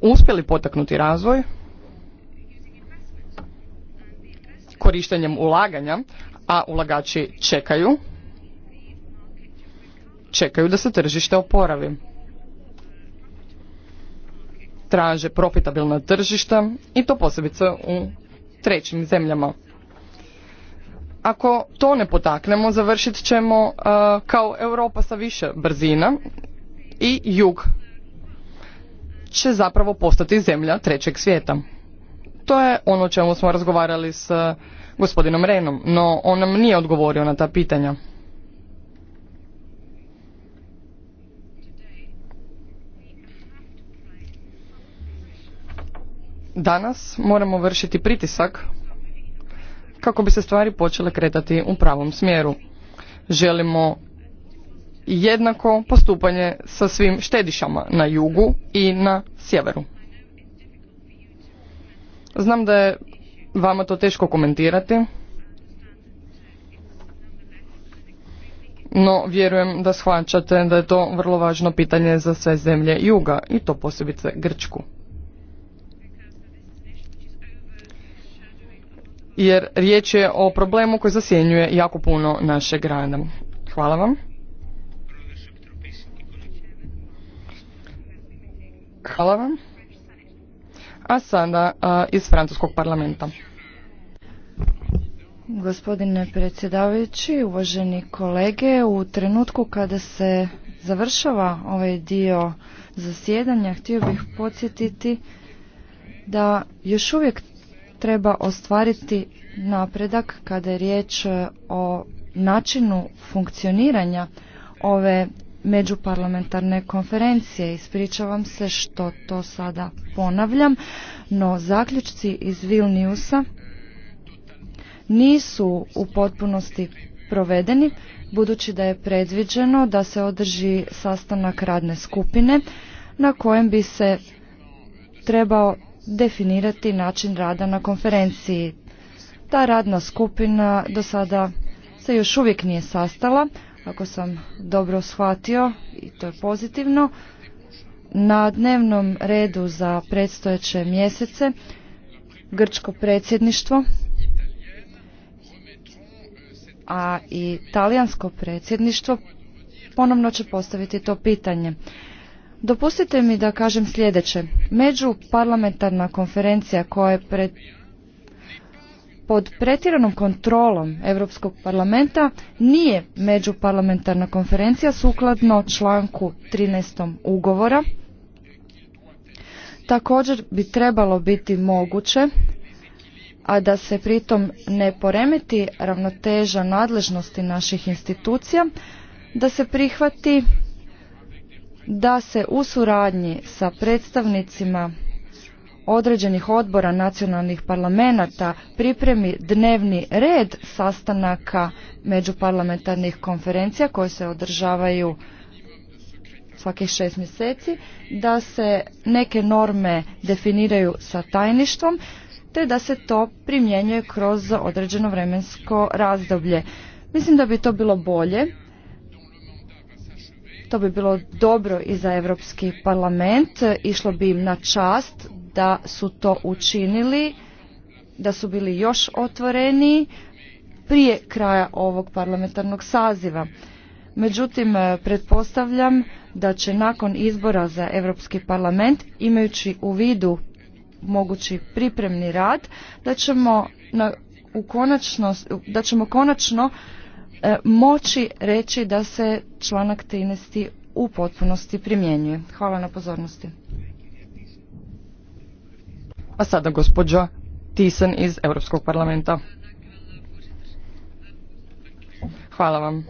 uspjeli potaknuti razvoj korištenjem ulaganja, a ulagači čekaju, čekaju da se tržište oporavi. Traže profitabilna tržišta i to posebice u trećim zemljama. Ako to ne potaknemo, završit ćemo e, kao Europa sa više brzina i jug će zapravo postati zemlja trećeg svijeta. To je ono o čemu smo razgovarali s eh, gospodinom Renom, no on nam nije odgovorio na ta pitanja. Danas moramo vršiti pritisak kako bi se stvari počele kretati u pravom smjeru. Želimo jednako postupanje sa svim štedišama na jugu i na sjeveru. Znam da je vama to teško komentirati, no vjerujem da shvaćate da je to vrlo važno pitanje za sve zemlje juga i to posebice Grčku. Jer riječ je o problemu koji zasjenjuje jako puno naše grada. Hvala vam. Hvala vam. A sada iz Francuskog parlamenta. Gospodine predsjedavajući, uvaženi kolege, u trenutku kada se završava ovaj dio zasjedanja, htio bih podsjetiti da još uvijek treba ostvariti napredak kada je riječ o načinu funkcioniranja ove međuparlamentarne konferencije. Ispričavam se što to sada ponavljam, no zaključci iz Vilniusa nisu u potpunosti provedeni, budući da je predviđeno da se održi sastanak radne skupine na kojem bi se trebao definirati način rada na konferenciji. Ta radna skupina do sada se još uvijek nije sastala, ako sam dobro shvatio i to je pozitivno. Na dnevnom redu za predstojeće mjesece grčko predsjedništvo a i talijansko predsjedništvo ponovno će postaviti to pitanje. Dopustite mi da kažem sljedeće. Među parlamentarna konferencija koja je pred pod pretjeranom kontrolom Europskog parlamenta nije međuparlamentarna konferencija sukladno članku 13. ugovora. Također bi trebalo biti moguće a da se pritom ne poremeti ravnoteža nadležnosti naših institucija, da se prihvati da se u suradnji sa predstavnicima određenih odbora nacionalnih parlamenata pripremi dnevni red sastanaka međuparlamentarnih konferencija koje se održavaju svakih šest mjeseci, da se neke norme definiraju sa tajništvom, te da se to primjenjuje kroz određeno vremensko razdoblje. Mislim da bi to bilo bolje, to bi bilo dobro i za Europski parlament, išlo bi im na čast da su to učinili, da su bili još otvoreni prije kraja ovog parlamentarnog saziva. Međutim, e, pretpostavljam da će nakon izbora za Europski parlament, imajući u vidu mogući pripremni rad, da ćemo, na, u konačno, da ćemo konačno e, moći reći da se članak 13. u potpunosti primjenjuje. Hvala na pozornosti. A sada gospođa Tisen iz Europskog parlamenta. Hvala vam.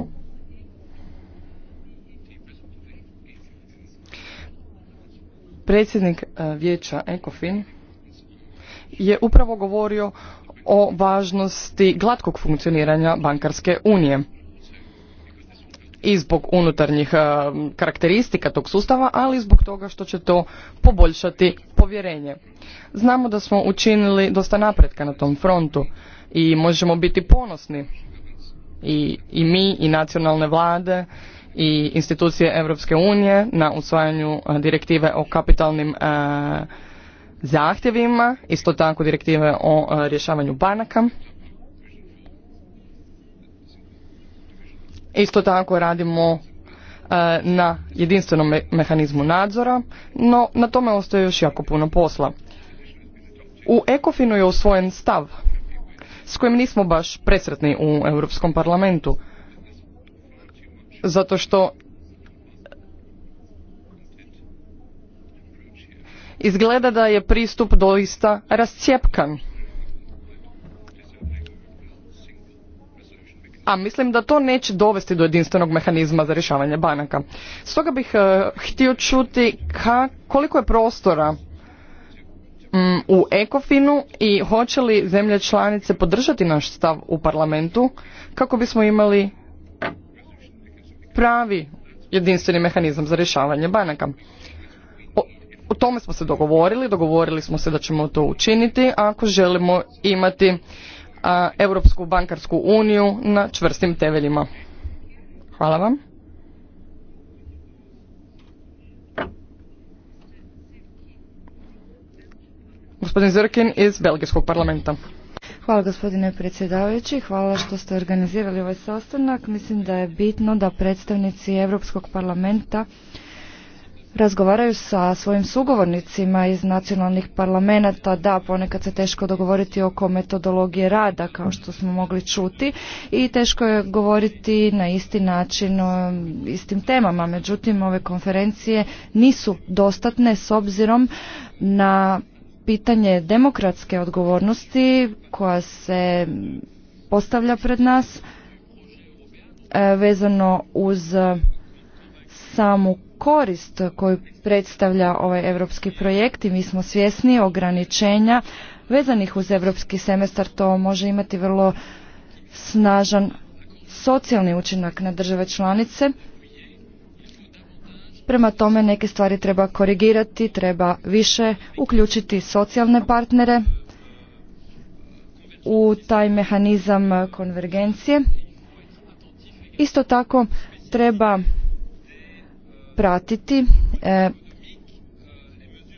Predsjednik e, vijeća ECOFIN je upravo govorio o važnosti glatkog funkcioniranja bankarske unije i zbog unutarnjih e, karakteristika tog sustava, ali i zbog toga što će to poboljšati povjerenje. Znamo da smo učinili dosta napretka na tom frontu i možemo biti ponosni i, i mi i nacionalne vlade i institucije Europske unije na usvajanju e, direktive o kapitalnim e, zahtjevima, isto tako direktive o rješavanju banaka Isto tako radimo e, na jedinstvenom mehanizmu nadzora, no na tome ostaje još jako puno posla. U Ekofinu je usvojen stav s kojim nismo baš presretni u Europskom parlamentu, zato što izgleda da je pristup doista rascijepkan a mislim da to neće dovesti do jedinstvenog mehanizma za rješavanje banaka. Stoga bih e, htio čuti koliko je prostora mm, u Ekofinu i hoće li zemlje članice podržati naš stav u parlamentu kako bismo imali pravi jedinstveni mehanizam za rješavanje banaka. O, tome smo se dogovorili, dogovorili smo se da ćemo to učiniti ako želimo imati Europsku bankarsku uniju na čvrstim temeljima. Hvala vam. Gospodin Zrkin iz Belgijskog parlamenta. Hvala gospodine predsjedavajući, hvala što ste organizirali ovaj sastanak. Mislim da je bitno da predstavnici Europskog parlamenta razgovaraju sa svojim sugovornicima iz nacionalnih parlamenta, da ponekad se teško dogovoriti oko metodologije rada kao što smo mogli čuti i teško je govoriti na isti način o istim temama. Međutim, ove konferencije nisu dostatne s obzirom na pitanje demokratske odgovornosti koja se postavlja pred nas e, vezano uz samu korist koju predstavlja ovaj europski projekt i mi smo svjesni ograničenja vezanih uz europski semestar. To može imati vrlo snažan socijalni učinak na države članice. Prema tome neke stvari treba korigirati, treba više uključiti socijalne partnere u taj mehanizam konvergencije. Isto tako treba pratiti e,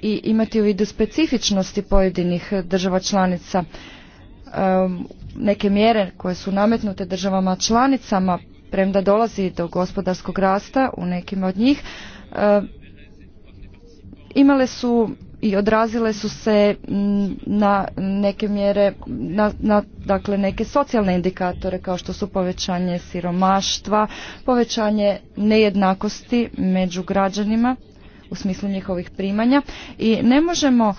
i imati u vidu specifičnosti pojedinih država članica. E, neke mjere koje su nametnute državama članicama, premda dolazi do gospodarskog rasta u nekim od njih, e, imale su i odrazile su se na neke mjere, na, dakle neke socijalne indikatore kao što su povećanje siromaštva, povećanje nejednakosti među građanima u smislu njihovih primanja i ne možemo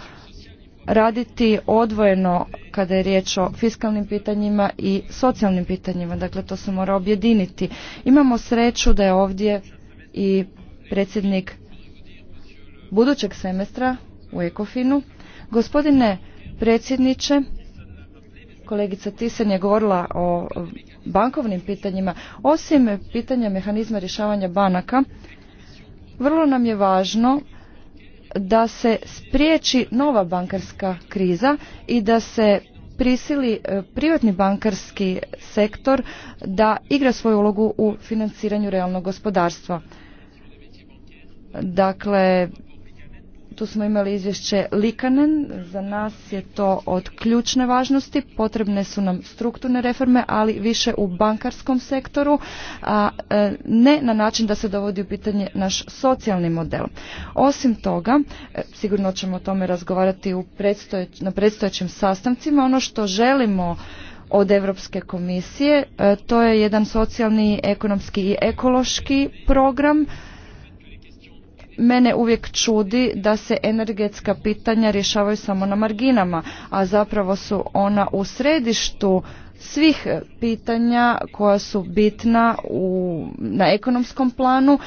raditi odvojeno kada je riječ o fiskalnim pitanjima i socijalnim pitanjima, dakle to se mora objediniti. Imamo sreću da je ovdje i predsjednik budućeg semestra u Ekofinu. Gospodine predsjedniče, kolegica Tisen je govorila o bankovnim pitanjima. Osim pitanja mehanizma rješavanja banaka, vrlo nam je važno da se spriječi nova bankarska kriza i da se prisili e, privatni bankarski sektor da igra svoju ulogu u financiranju realnog gospodarstva. Dakle, tu smo imali izvješće Likanen, za nas je to od ključne važnosti, potrebne su nam strukturne reforme, ali više u bankarskom sektoru, a e, ne na način da se dovodi u pitanje naš socijalni model. Osim toga, e, sigurno ćemo o tome razgovarati u na predstojećim sastancima, ono što želimo od Europske komisije, e, to je jedan socijalni, ekonomski i ekološki program, mene uvijek čudi da se energetska pitanja rješavaju samo na marginama, a zapravo su ona u središtu svih pitanja koja su bitna u, na ekonomskom planu.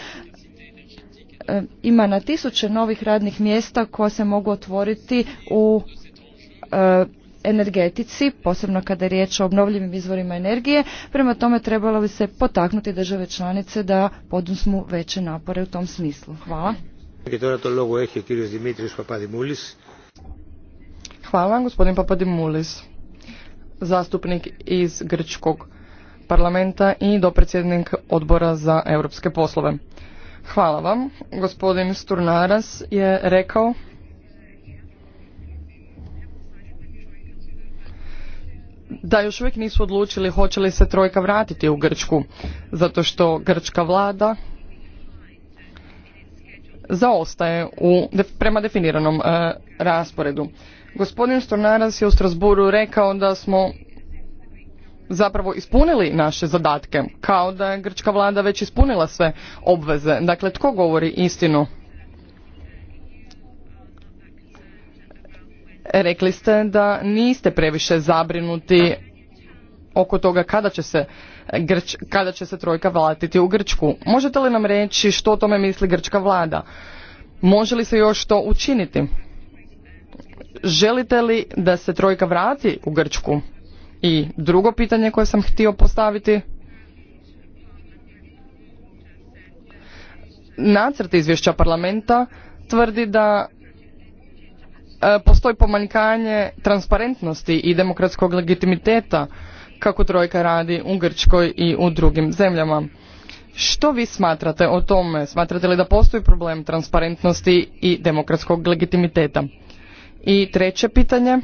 E, ima na tisuće novih radnih mjesta koja se mogu otvoriti u e, energetici, posebno kada je riječ o obnovljivim izvorima energije. Prema tome trebalo bi se potaknuti države članice da poduzmu veće napore u tom smislu. Hvala. Hvala, gospodin Papadimulis, zastupnik iz Grčkog parlamenta i dopredsjednik odbora za europske poslove. Hvala vam. Gospodin Sturnaras je rekao da još uvijek nisu odlučili hoće li se trojka vratiti u Grčku, zato što grčka vlada zaostaje u, prema definiranom e, rasporedu. Gospodin Stornaras je u Strasburu rekao da smo zapravo ispunili naše zadatke, kao da je grčka vlada već ispunila sve obveze. Dakle, tko govori istinu? Rekli ste da niste previše zabrinuti oko toga kada će se kada će se trojka vratiti u Grčku. Možete li nam reći što o tome misli grčka vlada? Može li se još to učiniti? Želite li da se trojka vrati u Grčku? I drugo pitanje koje sam htio postaviti. Nacrt izvješća parlamenta tvrdi da E, postoji pomanjkanje transparentnosti i demokratskog legitimiteta kako trojka radi u Grčkoj i u drugim zemljama. Što vi smatrate o tome? Smatrate li da postoji problem transparentnosti i demokratskog legitimiteta? I treće pitanje.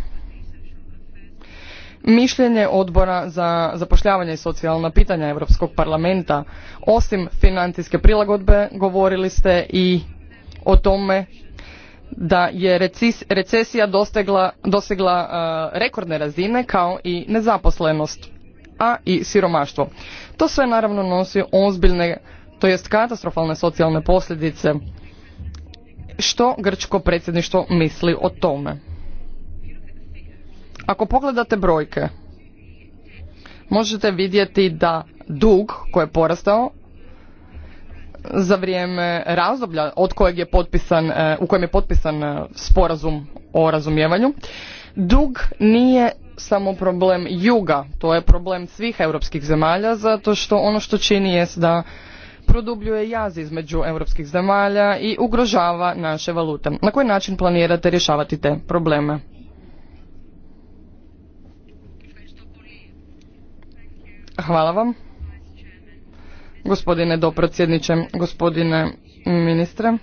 Mišljenje odbora za zapošljavanje i socijalna pitanja Europskog parlamenta, osim financijske prilagodbe, govorili ste i o tome da je recesija dosegla e, rekordne razine kao i nezaposlenost, a i siromaštvo. To sve naravno nosi ozbiljne, to jest katastrofalne socijalne posljedice. Što grčko predsjedništvo misli o tome? Ako pogledate brojke, možete vidjeti da dug koji je porastao za vrijeme razdoblja od kojeg je potpisan, e, u kojem je potpisan e, sporazum o razumijevanju. Dug nije samo problem juga, to je problem svih europskih zemalja zato što ono što čini jest da produbljuje jaz između europskih zemalja i ugrožava naše valute. Na koji način planirate rješavati te probleme? Hvala vam gospodine dopredsjedniče gospodine ministre.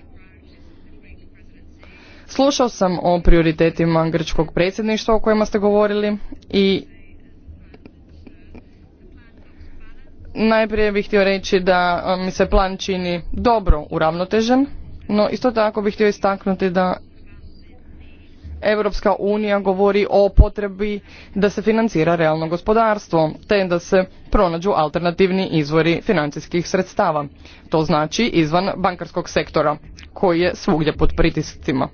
Slušao sam o prioritetima grčkog predsjedništva o kojima ste govorili i najprije bih htio reći da mi se plan čini dobro uravnotežen, no isto tako bih htio istaknuti da Europska unija govori o potrebi da se financira realno gospodarstvo, te da se pronađu alternativni izvori financijskih sredstava. To znači izvan bankarskog sektora, koji je svugdje pod pritiscima.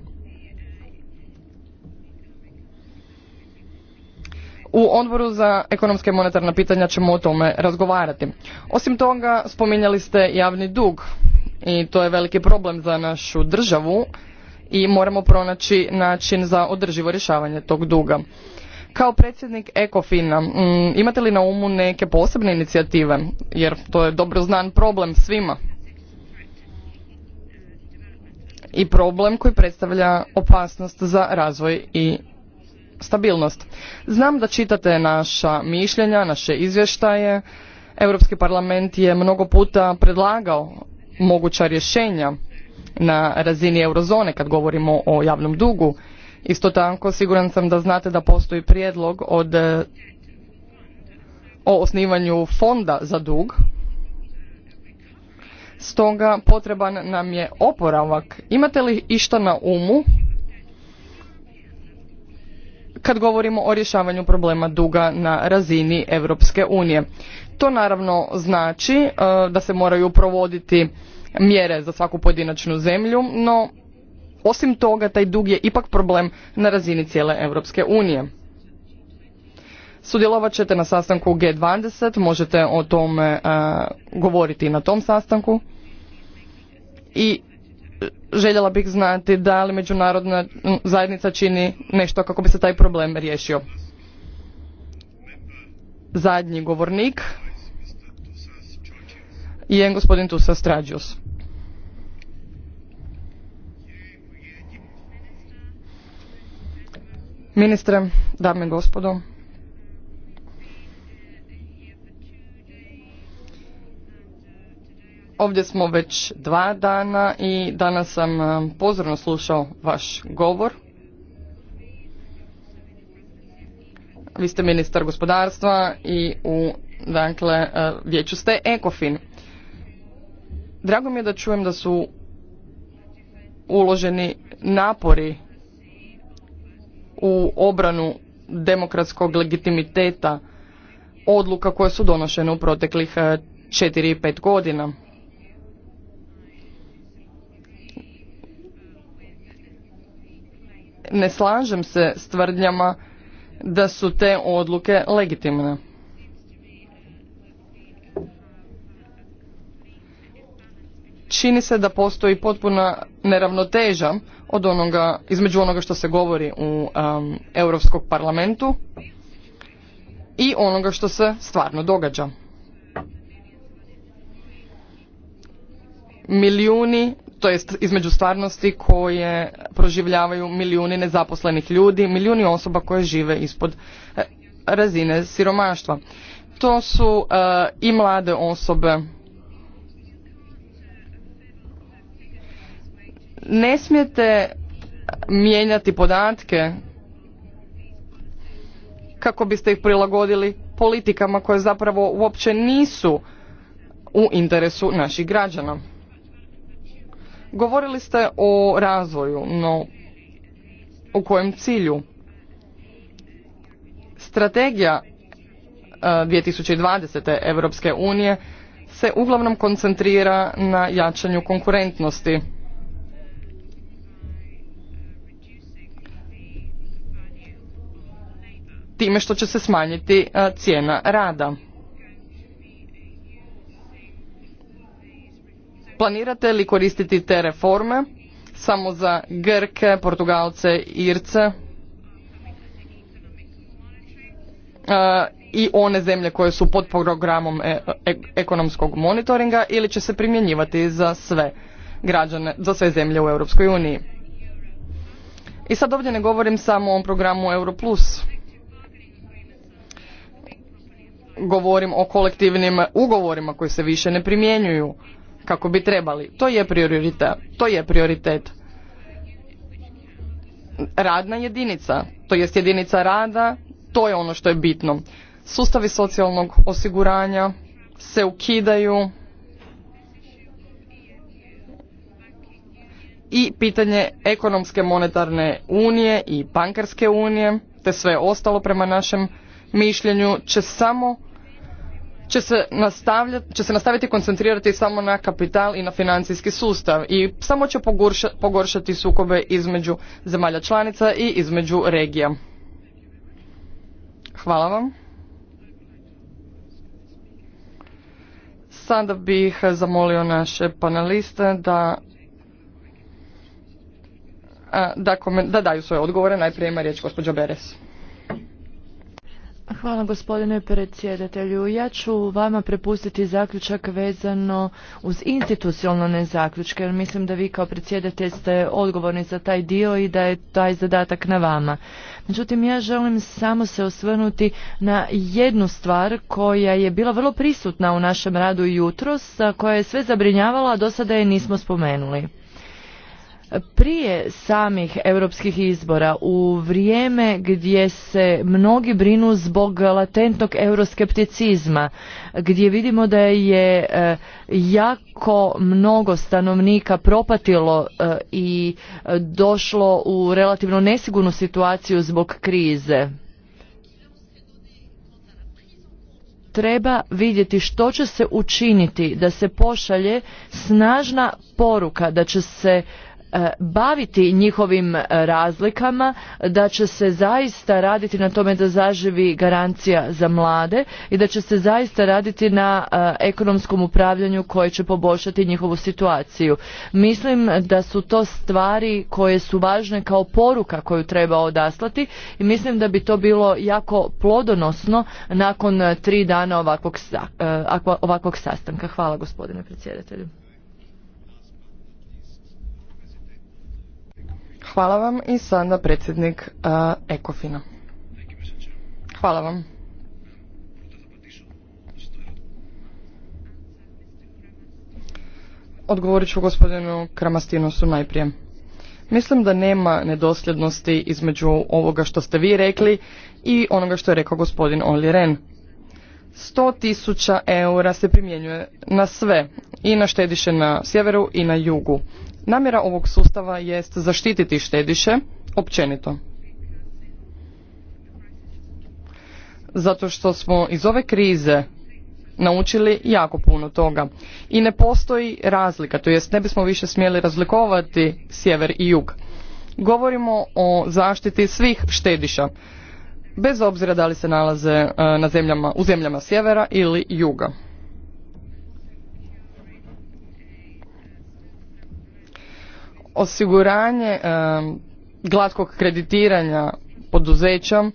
U odboru za ekonomske i monetarna pitanja ćemo o tome razgovarati. Osim toga, spominjali ste javni dug i to je veliki problem za našu državu i moramo pronaći način za održivo rješavanje tog duga. Kao predsjednik Ekofina, mm, imate li na umu neke posebne inicijative? Jer to je dobro znan problem svima. I problem koji predstavlja opasnost za razvoj i stabilnost. Znam da čitate naša mišljenja, naše izvještaje. Europski parlament je mnogo puta predlagao moguća rješenja na razini eurozone kad govorimo o javnom dugu. Isto tako siguran sam da znate da postoji prijedlog od, e, o osnivanju fonda za dug. Stoga potreban nam je oporavak. Imate li išta na umu kad govorimo o rješavanju problema duga na razini Europske unije? To naravno znači e, da se moraju provoditi mjere za svaku pojedinačnu zemlju, no osim toga taj dug je ipak problem na razini cijele Europske unije. Sudjelovat ćete na sastanku G20, možete o tome uh, govoriti na tom sastanku. I e, željela bih znati da li međunarodna zajednica čini nešto kako bi se taj problem riješio. Zadnji govornik je gospodin Tusa Strađius. ministre, dame i gospodo. Ovdje smo već dva dana i danas sam e, pozorno slušao vaš govor. Vi ste ministar gospodarstva i u dakle, e, vijeću ste Ekofin. Drago mi je da čujem da su uloženi napori u obranu demokratskog legitimiteta odluka koje su donošene u proteklih 4 e, i 5 godina. Ne slažem se s tvrdnjama da su te odluke legitimne. čini se da postoji potpuna neravnoteža od onoga, između onoga što se govori u um, Europskog parlamentu i onoga što se stvarno događa. Milijuni, to jest između stvarnosti koje proživljavaju milijuni nezaposlenih ljudi, milijuni osoba koje žive ispod eh, razine siromaštva. To su eh, i mlade osobe ne smijete mijenjati podatke kako biste ih prilagodili politikama koje zapravo uopće nisu u interesu naših građana. Govorili ste o razvoju, no u kojem cilju? Strategija 2020. E, Europske unije se uglavnom koncentrira na jačanju konkurentnosti time što će se smanjiti e, cijena rada. Planirate li koristiti te reforme samo za Grke, Portugalce, Irce e, i one zemlje koje su pod programom e, ekonomskog monitoringa ili će se primjenjivati za sve građane, za sve zemlje u Europskoj uniji? I sad ovdje ne govorim samo o programu Europlus govorim o kolektivnim ugovorima koji se više ne primjenjuju kako bi trebali. To je prioritet. To je prioritet. Radna jedinica, to jest jedinica rada, to je ono što je bitno. Sustavi socijalnog osiguranja se ukidaju i pitanje ekonomske monetarne unije i bankarske unije te sve ostalo prema našem mišljenju će samo će se, će se nastaviti koncentrirati samo na kapital i na financijski sustav i samo će pogoršati sukobe između zemalja članica i između regija. Hvala vam. Sada bih zamolio naše paneliste da da, da daju svoje odgovore. Najprije ima riječ gospođa Beres. Hvala gospodine predsjedatelju. Ja ću vama prepustiti zaključak vezano uz institucionalne zaključke, jer mislim da vi kao predsjedatelj ste odgovorni za taj dio i da je taj zadatak na vama. Međutim, ja želim samo se osvrnuti na jednu stvar koja je bila vrlo prisutna u našem radu jutros, koja je sve zabrinjavala, a do sada je nismo spomenuli prije samih europskih izbora u vrijeme gdje se mnogi brinu zbog latentnog euroskepticizma gdje vidimo da je e, jako mnogo stanovnika propatilo e, i e, došlo u relativno nesigurnu situaciju zbog krize treba vidjeti što će se učiniti da se pošalje snažna poruka da će se E, baviti njihovim e, razlikama, da će se zaista raditi na tome da zaživi garancija za mlade i da će se zaista raditi na e, ekonomskom upravljanju koje će poboljšati njihovu situaciju. Mislim da su to stvari koje su važne kao poruka koju treba odaslati i mislim da bi to bilo jako plodonosno nakon tri dana ovakvog, sastanka. Hvala gospodine predsjedatelju. Hvala vam i sada predsjednik uh, Ekofina. Hvala vam. Odgovorit ću gospodinu Kramastinosu najprije. Mislim da nema nedosljednosti između ovoga što ste vi rekli i onoga što je rekao gospodin Olli Ren. 100 tisuća eura se primjenjuje na sve, i na štediše na sjeveru i na jugu. Namjera ovog sustava jest zaštititi štediše općenito. Zato što smo iz ove krize naučili jako puno toga. I ne postoji razlika, to jest ne bismo više smjeli razlikovati sjever i jug. Govorimo o zaštiti svih štediša bez obzira da li se nalaze e, na zemljama, u zemljama sjevera ili juga. Osiguranje e, glatkog kreditiranja poduzeća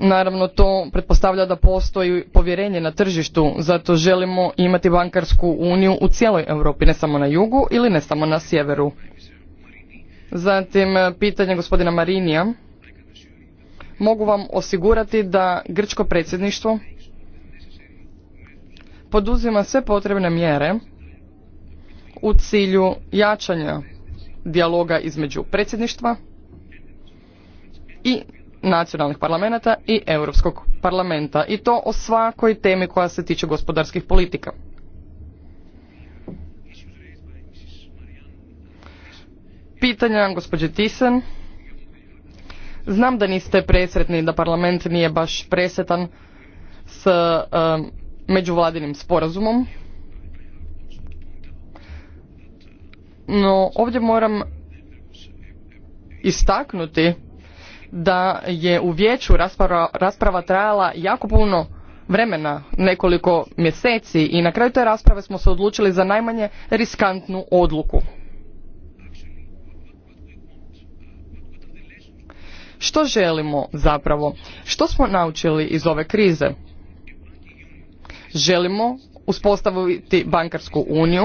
naravno to pretpostavlja da postoji povjerenje na tržištu zato želimo imati bankarsku uniju u cijeloj europi ne samo na jugu ili ne samo na sjeveru zatim e, pitanje gospodina marinija mogu vam osigurati da grčko predsjedništvo poduzima sve potrebne mjere u cilju jačanja dijaloga između predsjedništva i nacionalnih parlamenta i Europskog parlamenta i to o svakoj temi koja se tiče gospodarskih politika. Pitanja gospođe Thyssen... Znam da niste presretni, da parlament nije baš presretan s um, međuvladinim sporazumom. No ovdje moram istaknuti da je u vijeću rasprava, rasprava trajala jako puno vremena, nekoliko mjeseci i na kraju te rasprave smo se odlučili za najmanje riskantnu odluku. Što želimo zapravo? Što smo naučili iz ove krize? Želimo uspostaviti bankarsku uniju,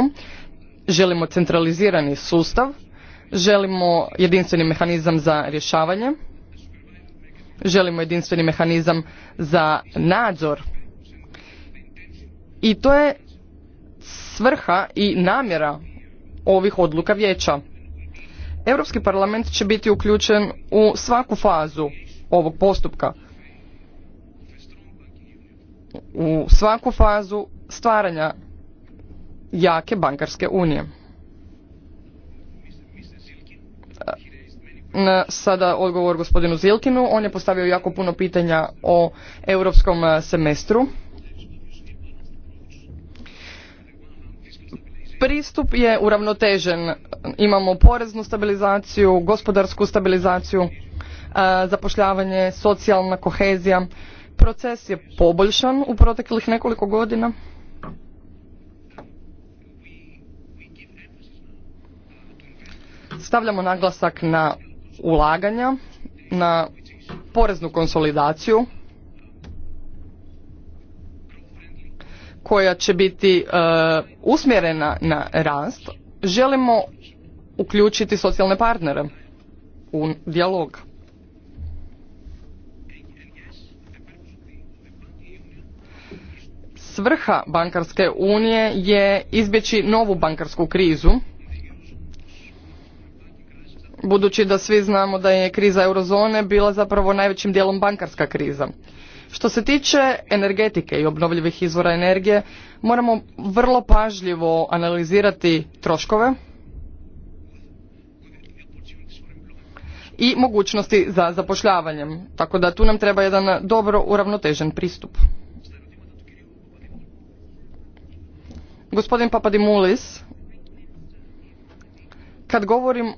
želimo centralizirani sustav, želimo jedinstveni mehanizam za rješavanje, želimo jedinstveni mehanizam za nadzor. I to je svrha i namjera ovih odluka vijeća. Europski parlament će biti uključen u svaku fazu ovog postupka. U svaku fazu stvaranja jake bankarske unije. Sada odgovor gospodinu Zilkinu. On je postavio jako puno pitanja o europskom semestru. pristup je uravnotežen. Imamo poreznu stabilizaciju, gospodarsku stabilizaciju, e, zapošljavanje, socijalna kohezija. Proces je poboljšan u proteklih nekoliko godina. Stavljamo naglasak na ulaganja, na poreznu konsolidaciju, koja će biti e, usmjerena na rast, želimo uključiti socijalne partnere u dijalog. Svrha bankarske unije je izbjeći novu bankarsku krizu, budući da svi znamo da je kriza eurozone bila zapravo najvećim dijelom bankarska kriza. Što se tiče energetike i obnovljivih izvora energije, moramo vrlo pažljivo analizirati troškove i mogućnosti za zapošljavanjem. Tako da tu nam treba jedan dobro uravnotežen pristup. Gospodin Papadimulis, kad govorim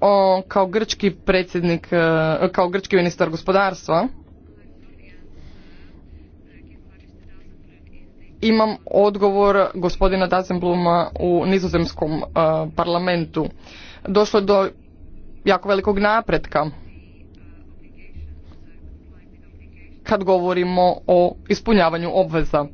o, kao grčki predsjednik, e, kao grčki ministar gospodarstva, imam odgovor gospodina Dazenbluma u nizozemskom uh, parlamentu. Došlo je do jako velikog napretka kad govorimo o ispunjavanju obveza.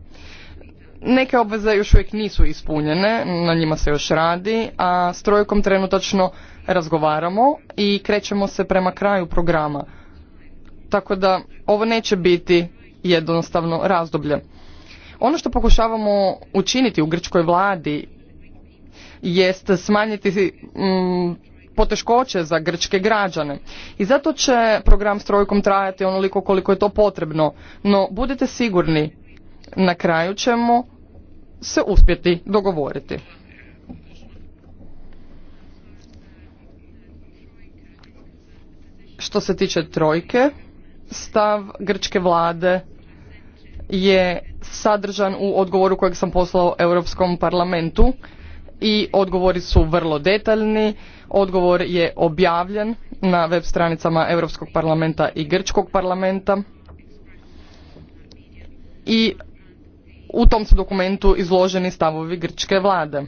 Neke obveze još uvijek nisu ispunjene, na njima se još radi, a s trojkom trenutačno razgovaramo i krećemo se prema kraju programa. Tako da ovo neće biti jednostavno razdoblje. Ono što pokušavamo učiniti u grčkoj vladi jest smanjiti mm, poteškoće za grčke građane. I zato će program s trojkom trajati onoliko koliko je to potrebno. No budite sigurni, na kraju ćemo se uspjeti dogovoriti. Što se tiče trojke, stav grčke vlade je sadržan u odgovoru kojeg sam poslao Europskom parlamentu i odgovori su vrlo detaljni. Odgovor je objavljen na web stranicama Europskog parlamenta i Grčkog parlamenta. I u tom su dokumentu izloženi stavovi grčke vlade.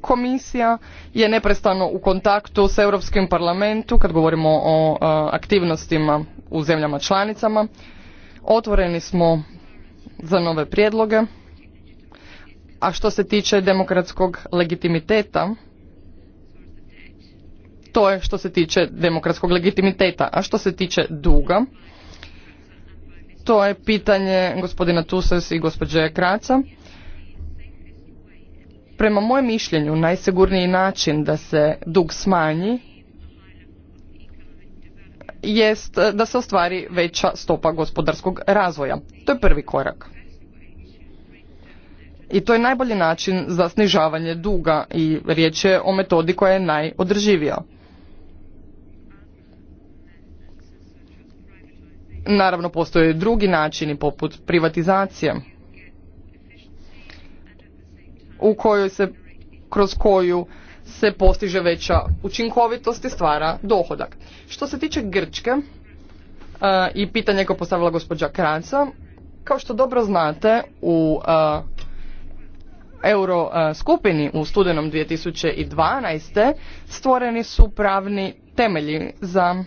Komisija je neprestano u kontaktu s Europskim parlamentom kad govorimo o aktivnostima u zemljama članicama Otvoreni smo za nove prijedloge. A što se tiče demokratskog legitimiteta, to je što se tiče demokratskog legitimiteta. A što se tiče duga, to je pitanje gospodina Tusas i gospođe Kraca. Prema mojem mišljenju, najsigurniji način da se dug smanji jest eh, da se ostvari veća stopa gospodarskog razvoja. To je prvi korak. I to je najbolji način za snižavanje duga i riječ je o metodi koja je najodrživija. Naravno, postoje drugi načini poput privatizacije u kojoj se kroz koju se postiže veća učinkovitost i stvara dohodak. Što se tiče Grčke e, i pitanje koje postavila gospođa Kranca, kao što dobro znate u e, euro e, skupini u studenom 2012. stvoreni su pravni temelji za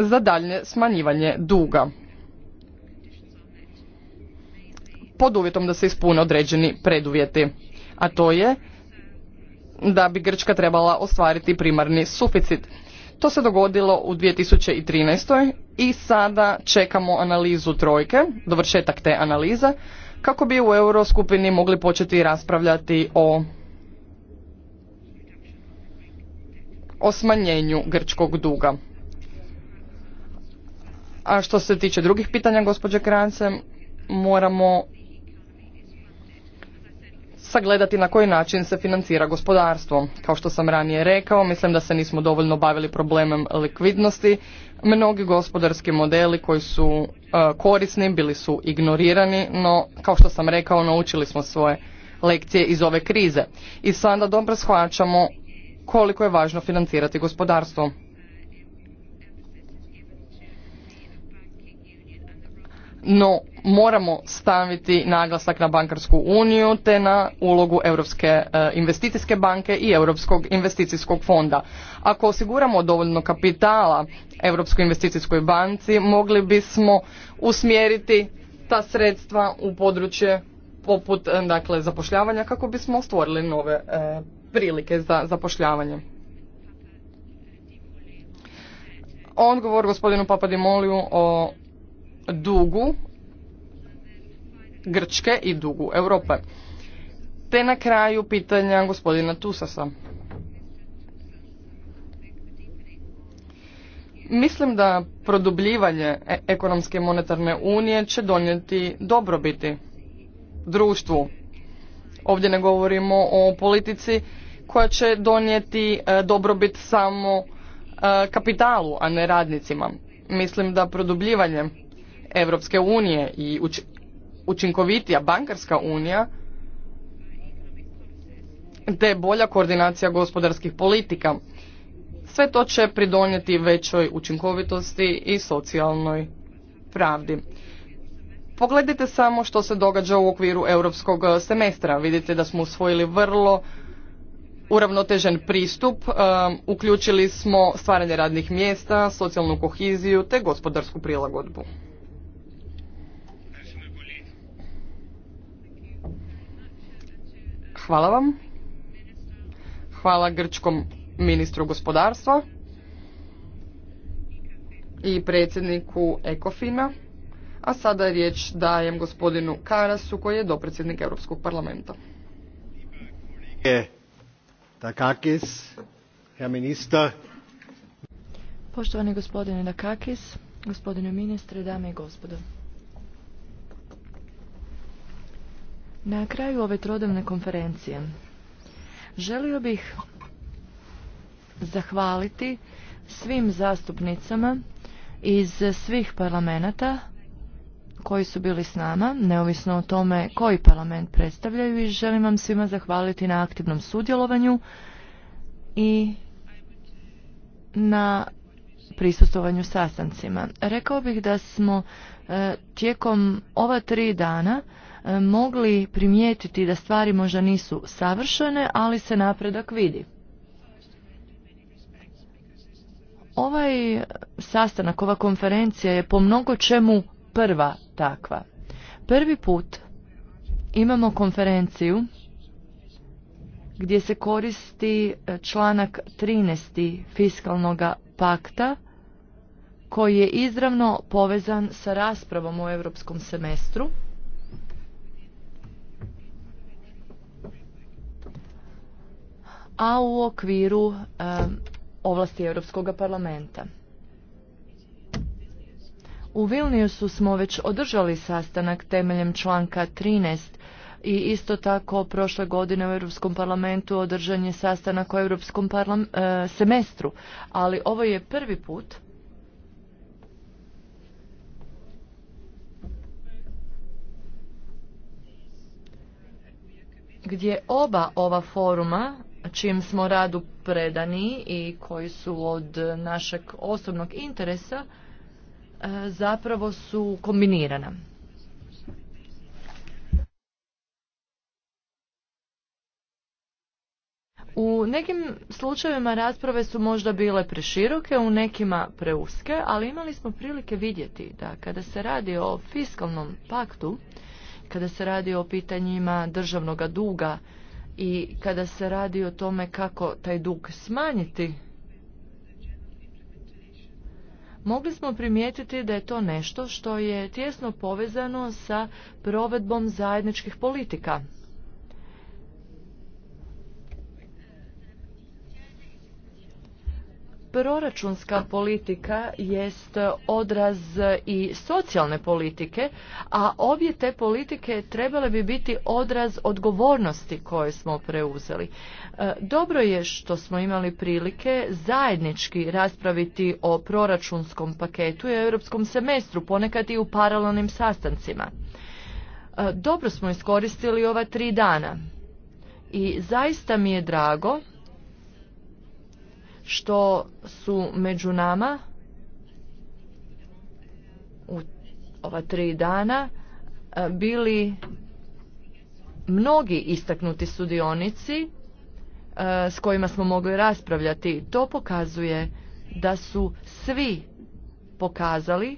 za daljnje smanjivanje duga pod uvjetom da se ispune određeni preduvjeti a to je da bi Grčka trebala ostvariti primarni suficit. To se dogodilo u 2013. i sada čekamo analizu trojke, dovršetak te analize, kako bi u Euroskupini mogli početi raspravljati o o smanjenju grčkog duga. A što se tiče drugih pitanja, gospođe Krance, moramo sagledati na koji način se financira gospodarstvo. Kao što sam ranije rekao, mislim da se nismo dovoljno bavili problemem likvidnosti. Mnogi gospodarski modeli koji su e, korisni bili su ignorirani, no kao što sam rekao naučili smo svoje lekcije iz ove krize. I sada dobro shvaćamo koliko je važno financirati gospodarstvo. no moramo staviti naglasak na bankarsku uniju te na ulogu Europske e, investicijske banke i Europskog investicijskog fonda. Ako osiguramo dovoljno kapitala Europskoj investicijskoj banci, mogli bismo usmjeriti ta sredstva u područje poput e, dakle, zapošljavanja kako bismo stvorili nove e, prilike za zapošljavanje. Odgovor gospodinu Papadimoliju o dugu Grčke i dugu Europe. Te na kraju pitanja gospodina Tusasa. Mislim da produbljivanje e- ekonomske monetarne unije će donijeti dobrobiti društvu. Ovdje ne govorimo o politici koja će donijeti e, dobrobit samo e, kapitalu, a ne radnicima. Mislim da produbljivanje Europske unije i učinkovitija bankarska unija te bolja koordinacija gospodarskih politika. Sve to će pridonijeti većoj učinkovitosti i socijalnoj pravdi. Pogledajte samo što se događa u okviru europskog semestra. Vidite da smo usvojili vrlo uravnotežen pristup, e, uključili smo stvaranje radnih mjesta, socijalnu kohiziju te gospodarsku prilagodbu. Hvala vam. Hvala grčkom ministru gospodarstva i predsjedniku Ekofina. A sada riječ dajem gospodinu Karasu koji je dopredsjednik Europskog parlamenta. Takakis, herr Poštovani gospodine Dakakis, gospodine ministre, dame i gospodo. Na kraju ove trodavne konferencije želio bih zahvaliti svim zastupnicama iz svih parlamenata koji su bili s nama, neovisno o tome koji parlament predstavljaju i želim vam svima zahvaliti na aktivnom sudjelovanju i na prisustovanju sastancima. Rekao bih da smo e, tijekom ova tri dana E, mogli primijetiti da stvari možda nisu savršene, ali se napredak vidi. Ovaj sastanak, ova konferencija je po mnogo čemu prva takva. Prvi put imamo konferenciju gdje se koristi e, članak 13. fiskalnog pakta koji je izravno povezan sa raspravom o europskom semestru a u okviru ovlasti Europskog parlamenta. U Vilniusu smo već održali sastanak temeljem članka 13 i isto tako prošle godine u Europskom parlamentu održan je sastanak u Europskom e, semestru, ali ovo je prvi put gdje oba ova foruma čijem smo radu predani i koji su od našeg osobnog interesa e, zapravo su kombinirana. U nekim slučajevima rasprave su možda bile preširoke, u nekima preuske, ali imali smo prilike vidjeti da kada se radi o fiskalnom paktu, kada se radi o pitanjima državnog duga, i kada se radi o tome kako taj dug smanjiti, mogli smo primijetiti da je to nešto što je tjesno povezano sa provedbom zajedničkih politika. Proračunska politika jest odraz i socijalne politike, a obje te politike trebale bi biti odraz odgovornosti koje smo preuzeli. E, dobro je što smo imali prilike zajednički raspraviti o proračunskom paketu i europskom semestru, ponekad i u paralelnim sastancima. E, dobro smo iskoristili ova tri dana i zaista mi je drago što su među nama u ova tri dana e, bili mnogi istaknuti sudionici e, s kojima smo mogli raspravljati. To pokazuje da su svi pokazali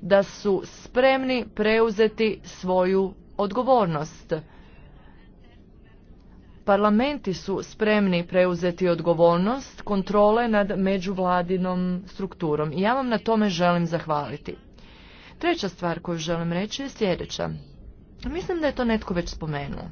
da su spremni preuzeti svoju odgovornost Parlamenti su spremni preuzeti odgovornost kontrole nad međuvladinom strukturom i ja vam na tome želim zahvaliti. Treća stvar koju želim reći je sljedeća. Mislim da je to netko već spomenuo.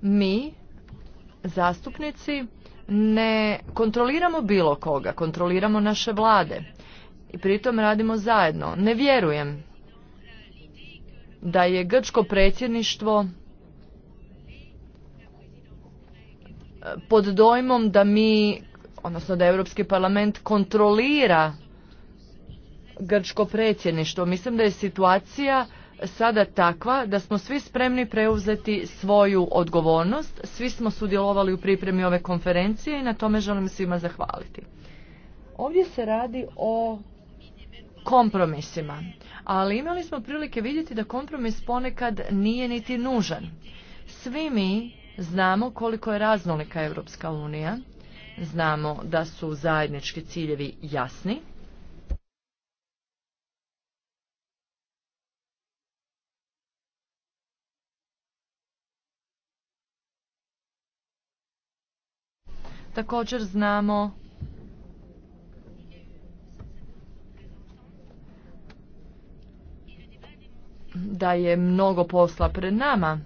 Mi, zastupnici, ne kontroliramo bilo koga, kontroliramo naše vlade i pritom radimo zajedno. Ne vjerujem da je grčko predsjedništvo e, pod dojmom da mi, odnosno da Europski parlament kontrolira grčko predsjedništvo. Mislim da je situacija sada takva da smo svi spremni preuzeti svoju odgovornost, svi smo sudjelovali u pripremi ove konferencije i na tome želim svima zahvaliti. Ovdje se radi o kompromisima, ali imali smo prilike vidjeti da kompromis ponekad nije niti nužan. Svi mi znamo koliko je raznolika Europska unija, znamo da su zajednički ciljevi jasni, Također znamo da je mnogo posla pred nama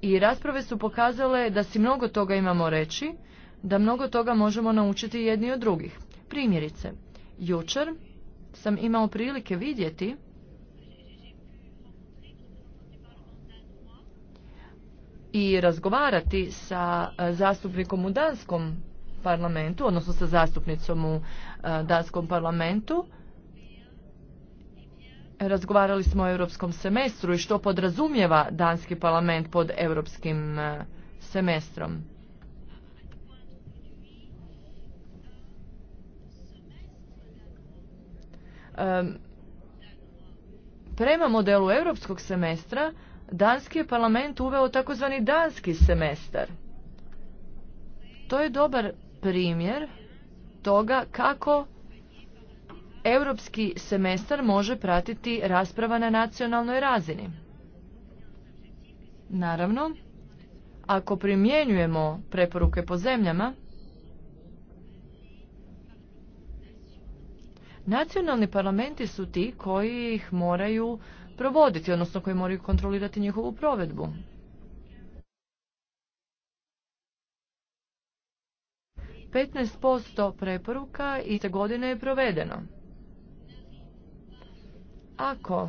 i rasprave su pokazale da si mnogo toga imamo reći, da mnogo toga možemo naučiti jedni od drugih. Primjerice, jučer sam imao prilike vidjeti i razgovarati sa zastupnikom u Danskom parlamentu, odnosno sa zastupnicom u e, Danskom parlamentu. Razgovarali smo o europskom semestru i što podrazumijeva Danski parlament pod europskim e, semestrom. Prema modelu europskog semestra, Danski je parlament uveo takozvani danski semestar. To je dobar primjer toga kako europski semestar može pratiti rasprava na nacionalnoj razini. Naravno, ako primjenjujemo preporuke po zemljama, nacionalni parlamenti su ti koji ih moraju provoditi, odnosno koji moraju kontrolirati njihovu provedbu. 15% preporuka i te godine je provedeno. Ako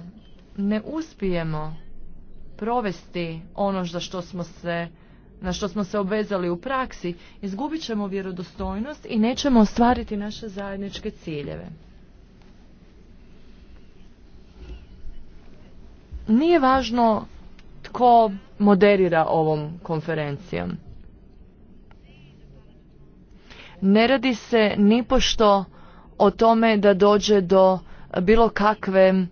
ne uspijemo provesti ono što smo se na što smo se obvezali u praksi, izgubit ćemo vjerodostojnost i nećemo ostvariti naše zajedničke ciljeve. Nije važno tko moderira ovom konferencijom. Ne radi se nipošto o tome da dođe do bilo kakve e,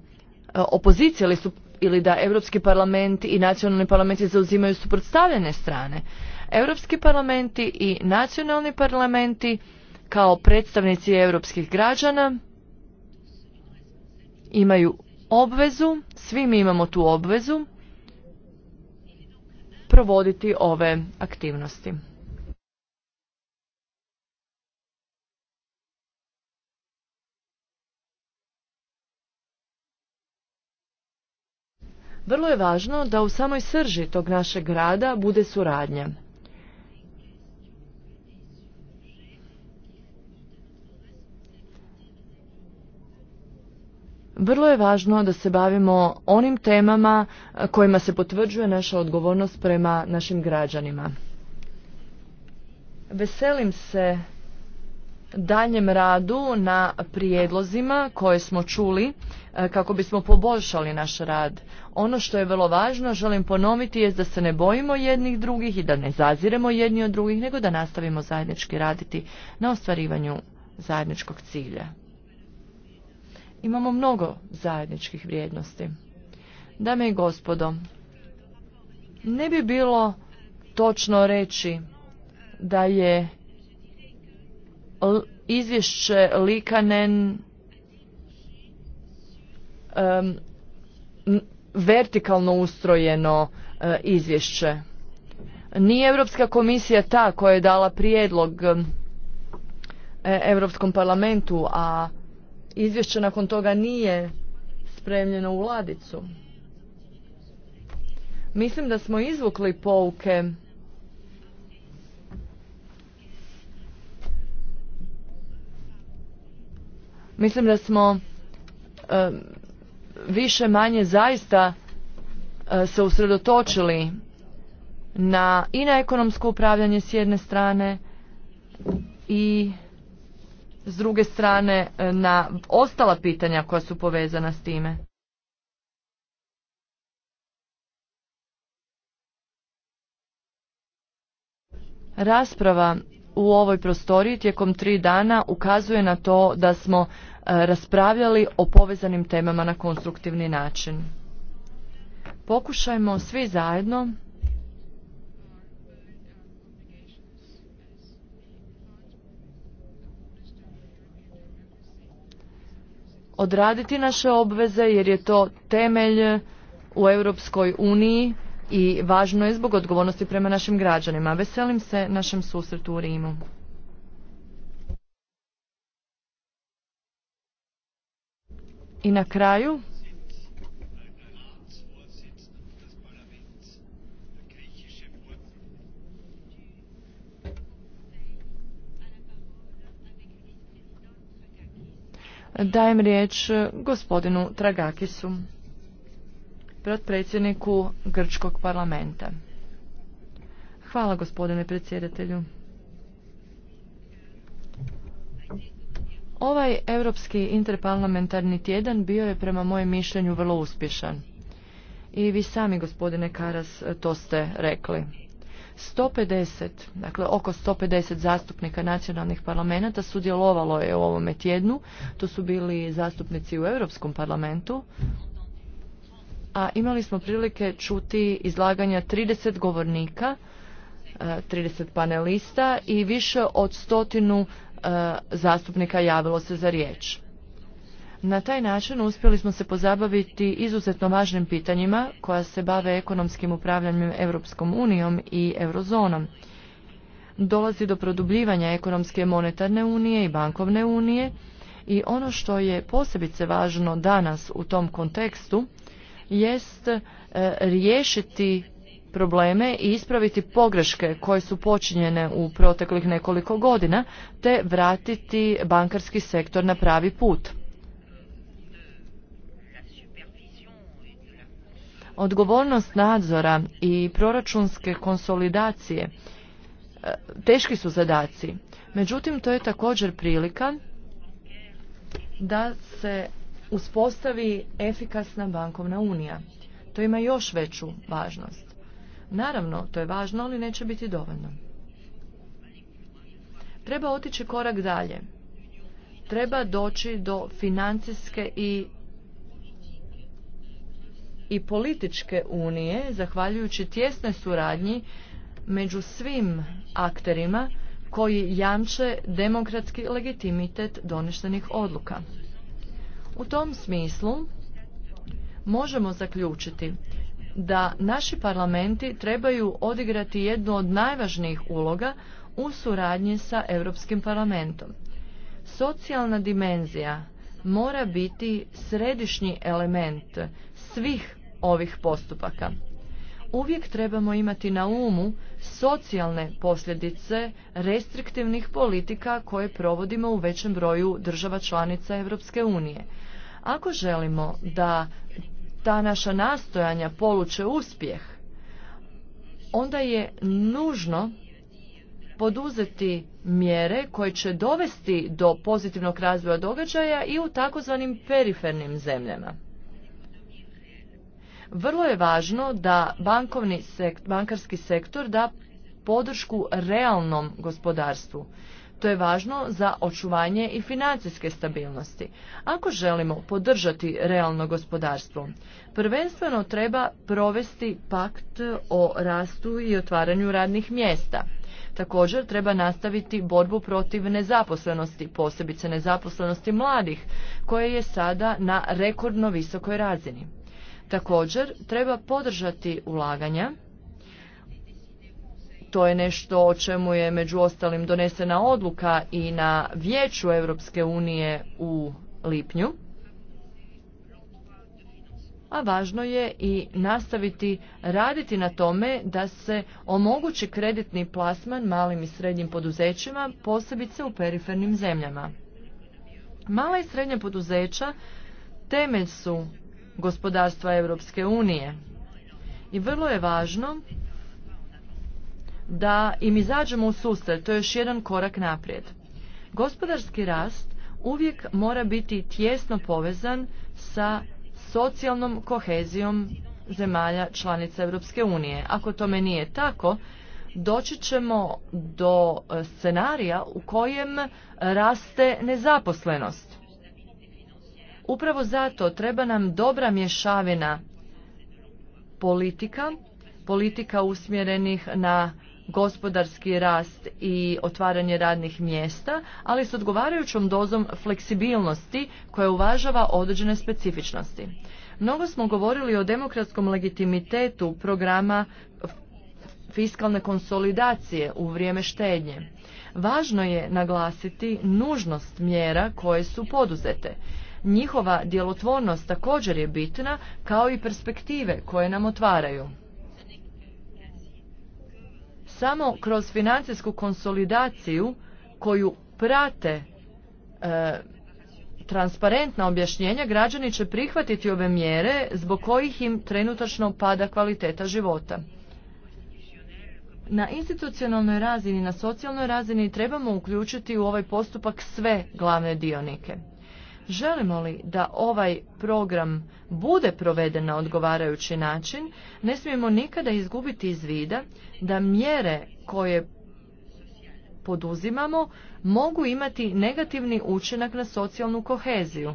opozicije ili, su, ili da Europski parlamenti i nacionalni parlamenti zauzimaju suprotstavljene strane. Europski parlamenti i nacionalni parlamenti kao predstavnici europskih građana imaju obvezu, svi mi imamo tu obvezu, provoditi ove aktivnosti. Vrlo je važno da u samoj srži tog našeg grada bude suradnja. Vrlo je važno da se bavimo onim temama kojima se potvrđuje naša odgovornost prema našim građanima. Veselim se daljem radu na prijedlozima koje smo čuli e, kako bismo poboljšali naš rad. Ono što je vrlo važno, želim ponoviti, je da se ne bojimo jednih drugih i da ne zaziremo jedni od drugih, nego da nastavimo zajednički raditi na ostvarivanju zajedničkog cilja. Imamo mnogo zajedničkih vrijednosti. Dame i gospodo, ne bi bilo točno reći da je izvješće Likanen vertikalno ustrojeno e, izvješće. Nije Europska komisija ta koja je dala prijedlog e, Europskom parlamentu, a izvješće nakon toga nije spremljeno u ladicu. Mislim da smo izvukli pouke Mislim da smo više manje zaista e, se usredotočili na i na ekonomsko upravljanje s jedne strane i s druge strane e, na ostala pitanja koja su povezana s time. Rasprava u ovoj prostoriji tijekom tri dana ukazuje na to da smo e, raspravljali o povezanim temama na konstruktivni način. Pokušajmo svi zajedno odraditi naše obveze jer je to temelj u Europskoj uniji i važno je zbog odgovornosti prema našim građanima. Veselim se našem susretu u Rimu. I na kraju dajem riječ gospodinu Tragakisu predsjedniku Grčkog parlamenta. Hvala gospodine predsjedatelju. Ovaj europski interparlamentarni tjedan bio je prema mojem mišljenju vrlo uspješan. I vi sami, gospodine Karas, to ste rekli. 150, dakle oko 150 zastupnika nacionalnih parlamenta sudjelovalo je u ovome tjednu. To su bili zastupnici u Europskom parlamentu, a imali smo prilike čuti izlaganja 30 govornika, 30 e, panelista i više od stotinu e, zastupnika javilo se za riječ. Na taj način uspjeli smo se pozabaviti izuzetno važnim pitanjima koja se bave ekonomskim upravljanjem Europskom unijom i eurozonom. Dolazi do produbljivanja ekonomske monetarne unije i bankovne unije i ono što je posebice važno danas u tom kontekstu jest e, riješiti probleme i ispraviti pogreške koje su počinjene u proteklih nekoliko godina te vratiti bankarski sektor na pravi put. Odgovornost nadzora i proračunske konsolidacije e, teški su zadaci. Međutim, to je također prilika da se uspostavi efikasna bankovna unija. To ima još veću važnost. Naravno, to je važno, ali neće biti dovoljno. Treba otići korak dalje. Treba doći do financijske i i političke unije, zahvaljujući tjesne suradnji među svim akterima koji jamče demokratski legitimitet doneštenih odluka. U tom smislu možemo zaključiti da naši parlamenti trebaju odigrati jednu od najvažnijih uloga u suradnji sa Europskim parlamentom. Socijalna dimenzija mora biti središnji element svih ovih postupaka. Uvijek trebamo imati na umu socijalne posljedice restriktivnih politika koje provodimo u većem broju država članica Europske unije. Ako želimo da ta naša nastojanja poluče uspjeh, onda je nužno poduzeti mjere koje će dovesti do pozitivnog razvoja događaja i u takozvanim perifernim zemljama. Vrlo je važno da bankovni bankarski sektor da podršku realnom gospodarstvu. To je važno za očuvanje i financijske stabilnosti. Ako želimo podržati realno gospodarstvo, prvenstveno treba provesti pakt o rastu i otvaranju radnih mjesta. Također treba nastaviti borbu protiv nezaposlenosti, posebice nezaposlenosti mladih, koje je sada na rekordno visokoj razini. Također treba podržati ulaganja to je nešto o čemu je među ostalim donesena odluka i na vijeću Europske unije u lipnju. A važno je i nastaviti raditi na tome da se omogući kreditni plasman malim i srednjim poduzećima, posebice u perifernim zemljama. Mala i srednja poduzeća temelj su gospodarstva Europske unije i vrlo je važno da im izađemo u sustav. to je još jedan korak naprijed. Gospodarski rast uvijek mora biti tjesno povezan sa socijalnom kohezijom zemalja članica Europske unije. Ako tome nije tako, doći ćemo do e, scenarija u kojem raste nezaposlenost. Upravo zato treba nam dobra mješavina politika, politika usmjerenih na gospodarski rast i otvaranje radnih mjesta, ali s odgovarajućom dozom fleksibilnosti koja uvažava određene specifičnosti. Mnogo smo govorili o demokratskom legitimitetu programa fiskalne konsolidacije u vrijeme štednje. Važno je naglasiti nužnost mjera koje su poduzete. Njihova djelotvornost također je bitna kao i perspektive koje nam otvaraju. Samo kroz financijsku konsolidaciju koju prate e, transparentna objašnjenja građani će prihvatiti ove mjere zbog kojih im trenutačno pada kvaliteta života. Na institucionalnoj razini, na socijalnoj razini trebamo uključiti u ovaj postupak sve glavne dionike. Želimo li da ovaj program bude proveden na odgovarajući način, ne smijemo nikada izgubiti iz vida da mjere koje poduzimamo mogu imati negativni učinak na socijalnu koheziju.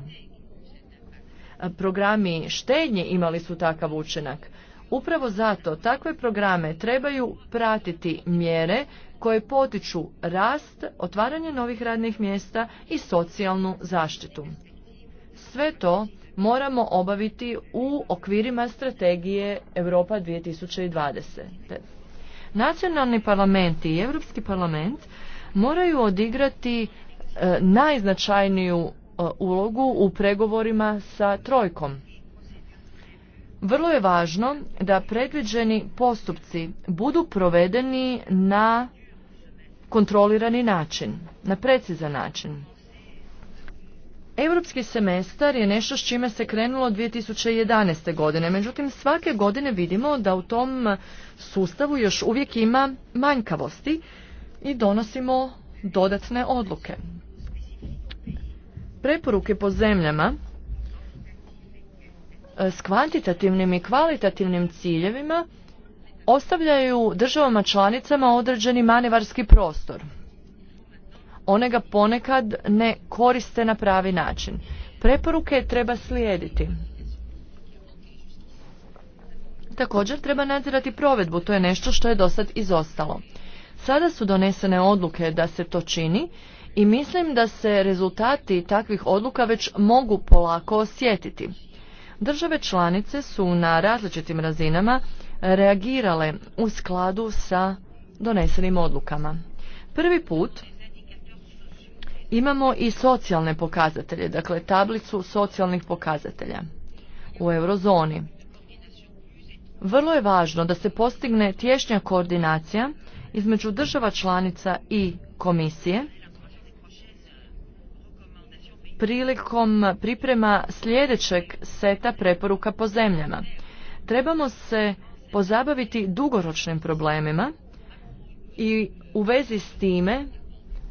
Programi štednje imali su takav učinak. Upravo zato takve programe trebaju pratiti mjere koje potiču rast, otvaranje novih radnih mjesta i socijalnu zaštitu. Sve to moramo obaviti u okvirima strategije Europa 2020. Nacionalni parlament i Europski parlament moraju odigrati e, najznačajniju e, ulogu u pregovorima sa trojkom vrlo je važno da predviđeni postupci budu provedeni na kontrolirani način, na precizan način. Europski semestar je nešto s čime se krenulo 2011. godine, međutim svake godine vidimo da u tom sustavu još uvijek ima manjkavosti i donosimo dodatne odluke. Preporuke po zemljama E, s kvantitativnim i kvalitativnim ciljevima ostavljaju državama članicama određeni manevarski prostor. One ga ponekad ne koriste na pravi način. Preporuke treba slijediti. Također treba nadzirati provedbu, to je nešto što je dosad izostalo. Sada su donesene odluke da se to čini i mislim da se rezultati takvih odluka već mogu polako osjetiti. Države članice su na različitim razinama reagirale u skladu sa donesenim odlukama. Prvi put imamo i socijalne pokazatelje, dakle tablicu socijalnih pokazatelja u eurozoni. Vrlo je važno da se postigne tješnja koordinacija između država članica i komisije prilikom priprema sljedećeg seta preporuka po zemljama. Trebamo se pozabaviti dugoročnim problemima i u vezi s time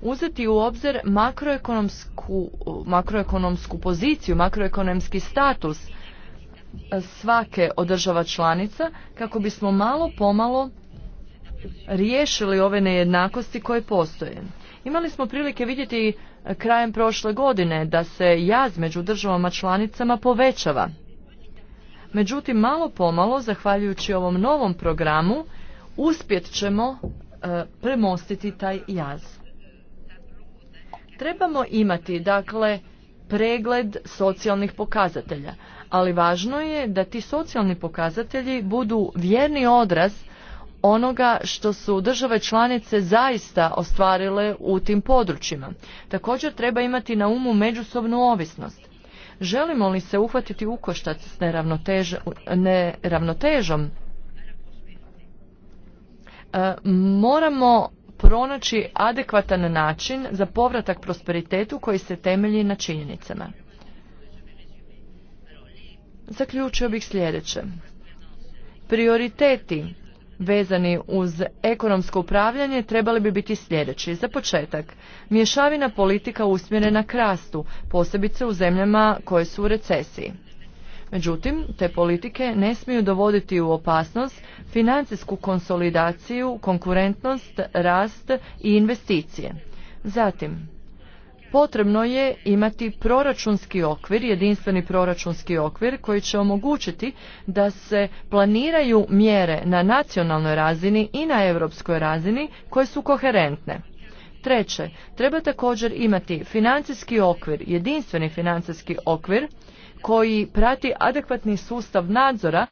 uzeti u obzir makroekonomsku, makroekonomsku poziciju, makroekonomski status svake od država članica kako bismo malo pomalo riješili ove nejednakosti koje postoje. Imali smo prilike vidjeti krajem prošle godine da se jaz među državama članicama povećava. Međutim, malo pomalo, zahvaljujući ovom novom programu, uspjet ćemo e, premostiti taj jaz. Trebamo imati, dakle, pregled socijalnih pokazatelja, ali važno je da ti socijalni pokazatelji budu vjerni odraz onoga što su države članice zaista ostvarile u tim područjima. Također treba imati na umu međusobnu ovisnost. Želimo li se uhvatiti koštac s neravnotežom, e, moramo pronaći adekvatan način za povratak prosperitetu koji se temelji na činjenicama. Zaključio bih sljedeće. Prioriteti vezani uz ekonomsko upravljanje trebali bi biti sljedeći. Za početak, mješavina politika usmjerena na rastu, posebice u zemljama koje su u recesiji. Međutim, te politike ne smiju dovoditi u opasnost financijsku konsolidaciju, konkurentnost, rast i investicije. Zatim, Potrebno je imati proračunski okvir, jedinstveni proračunski okvir koji će omogućiti da se planiraju mjere na nacionalnoj razini i na europskoj razini koje su koherentne. Treće, treba također imati financijski okvir, jedinstveni financijski okvir koji prati adekvatni sustav nadzora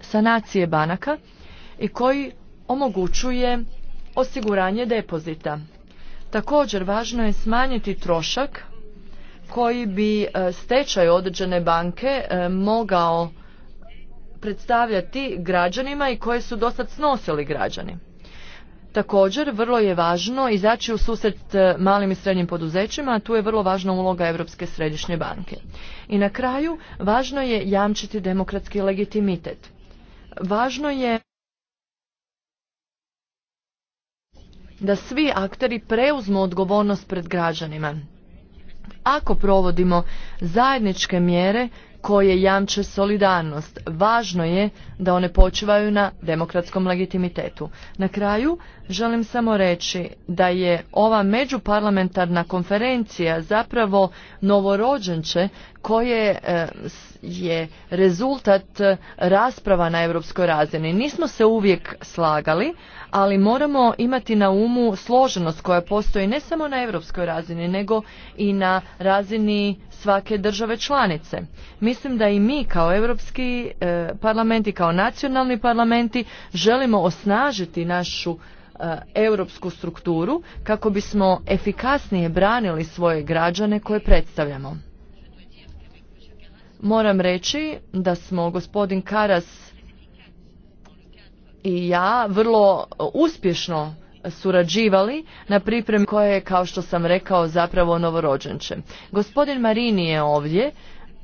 sanacije banaka i koji omogućuje osiguranje depozita. Također, važno je smanjiti trošak koji bi e, stečaj određene banke e, mogao predstavljati građanima i koje su dosad snosili građani. Također, vrlo je važno izaći u susret e, malim i srednjim poduzećima, a tu je vrlo važna uloga Europske središnje banke. I na kraju, važno je jamčiti demokratski legitimitet. Važno je da svi akteri preuzmu odgovornost pred građanima. Ako provodimo zajedničke mjere, koje jamče solidarnost. Važno je da one počivaju na demokratskom legitimitetu. Na kraju želim samo reći da je ova međuparlamentarna konferencija zapravo novorođenče koje e, je rezultat e, rasprava na europskoj razini. Nismo se uvijek slagali, ali moramo imati na umu složenost koja postoji ne samo na europskoj razini, nego i na razini svake države članice. Mislim da i mi kao Europski e, parlament i kao nacionalni parlamenti želimo osnažiti našu e, europsku strukturu kako bismo efikasnije branili svoje građane koje predstavljamo. Moram reći da smo gospodin Karas i ja vrlo uspješno surađivali na pripremi koje je, kao što sam rekao, zapravo novorođenče. Gospodin Marini je ovdje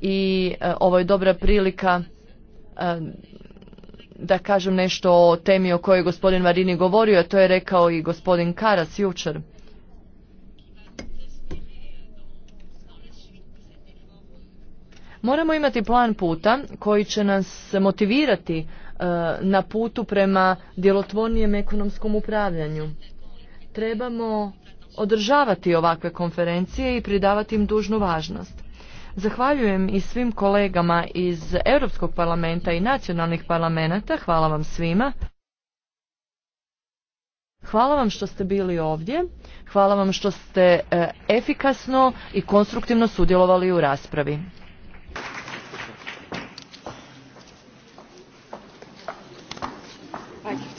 i e, ovo je dobra prilika e, da kažem nešto o temi o kojoj je gospodin Marini govorio, a to je rekao i gospodin Karas jučer. Moramo imati plan puta koji će nas motivirati E, na putu prema djelotvornijem ekonomskom upravljanju. Trebamo održavati ovakve konferencije i pridavati im dužnu važnost. Zahvaljujem i svim kolegama iz Europskog parlamenta i nacionalnih parlamenta. Hvala vam svima. Hvala vam što ste bili ovdje. Hvala vam što ste e, efikasno i konstruktivno sudjelovali u raspravi.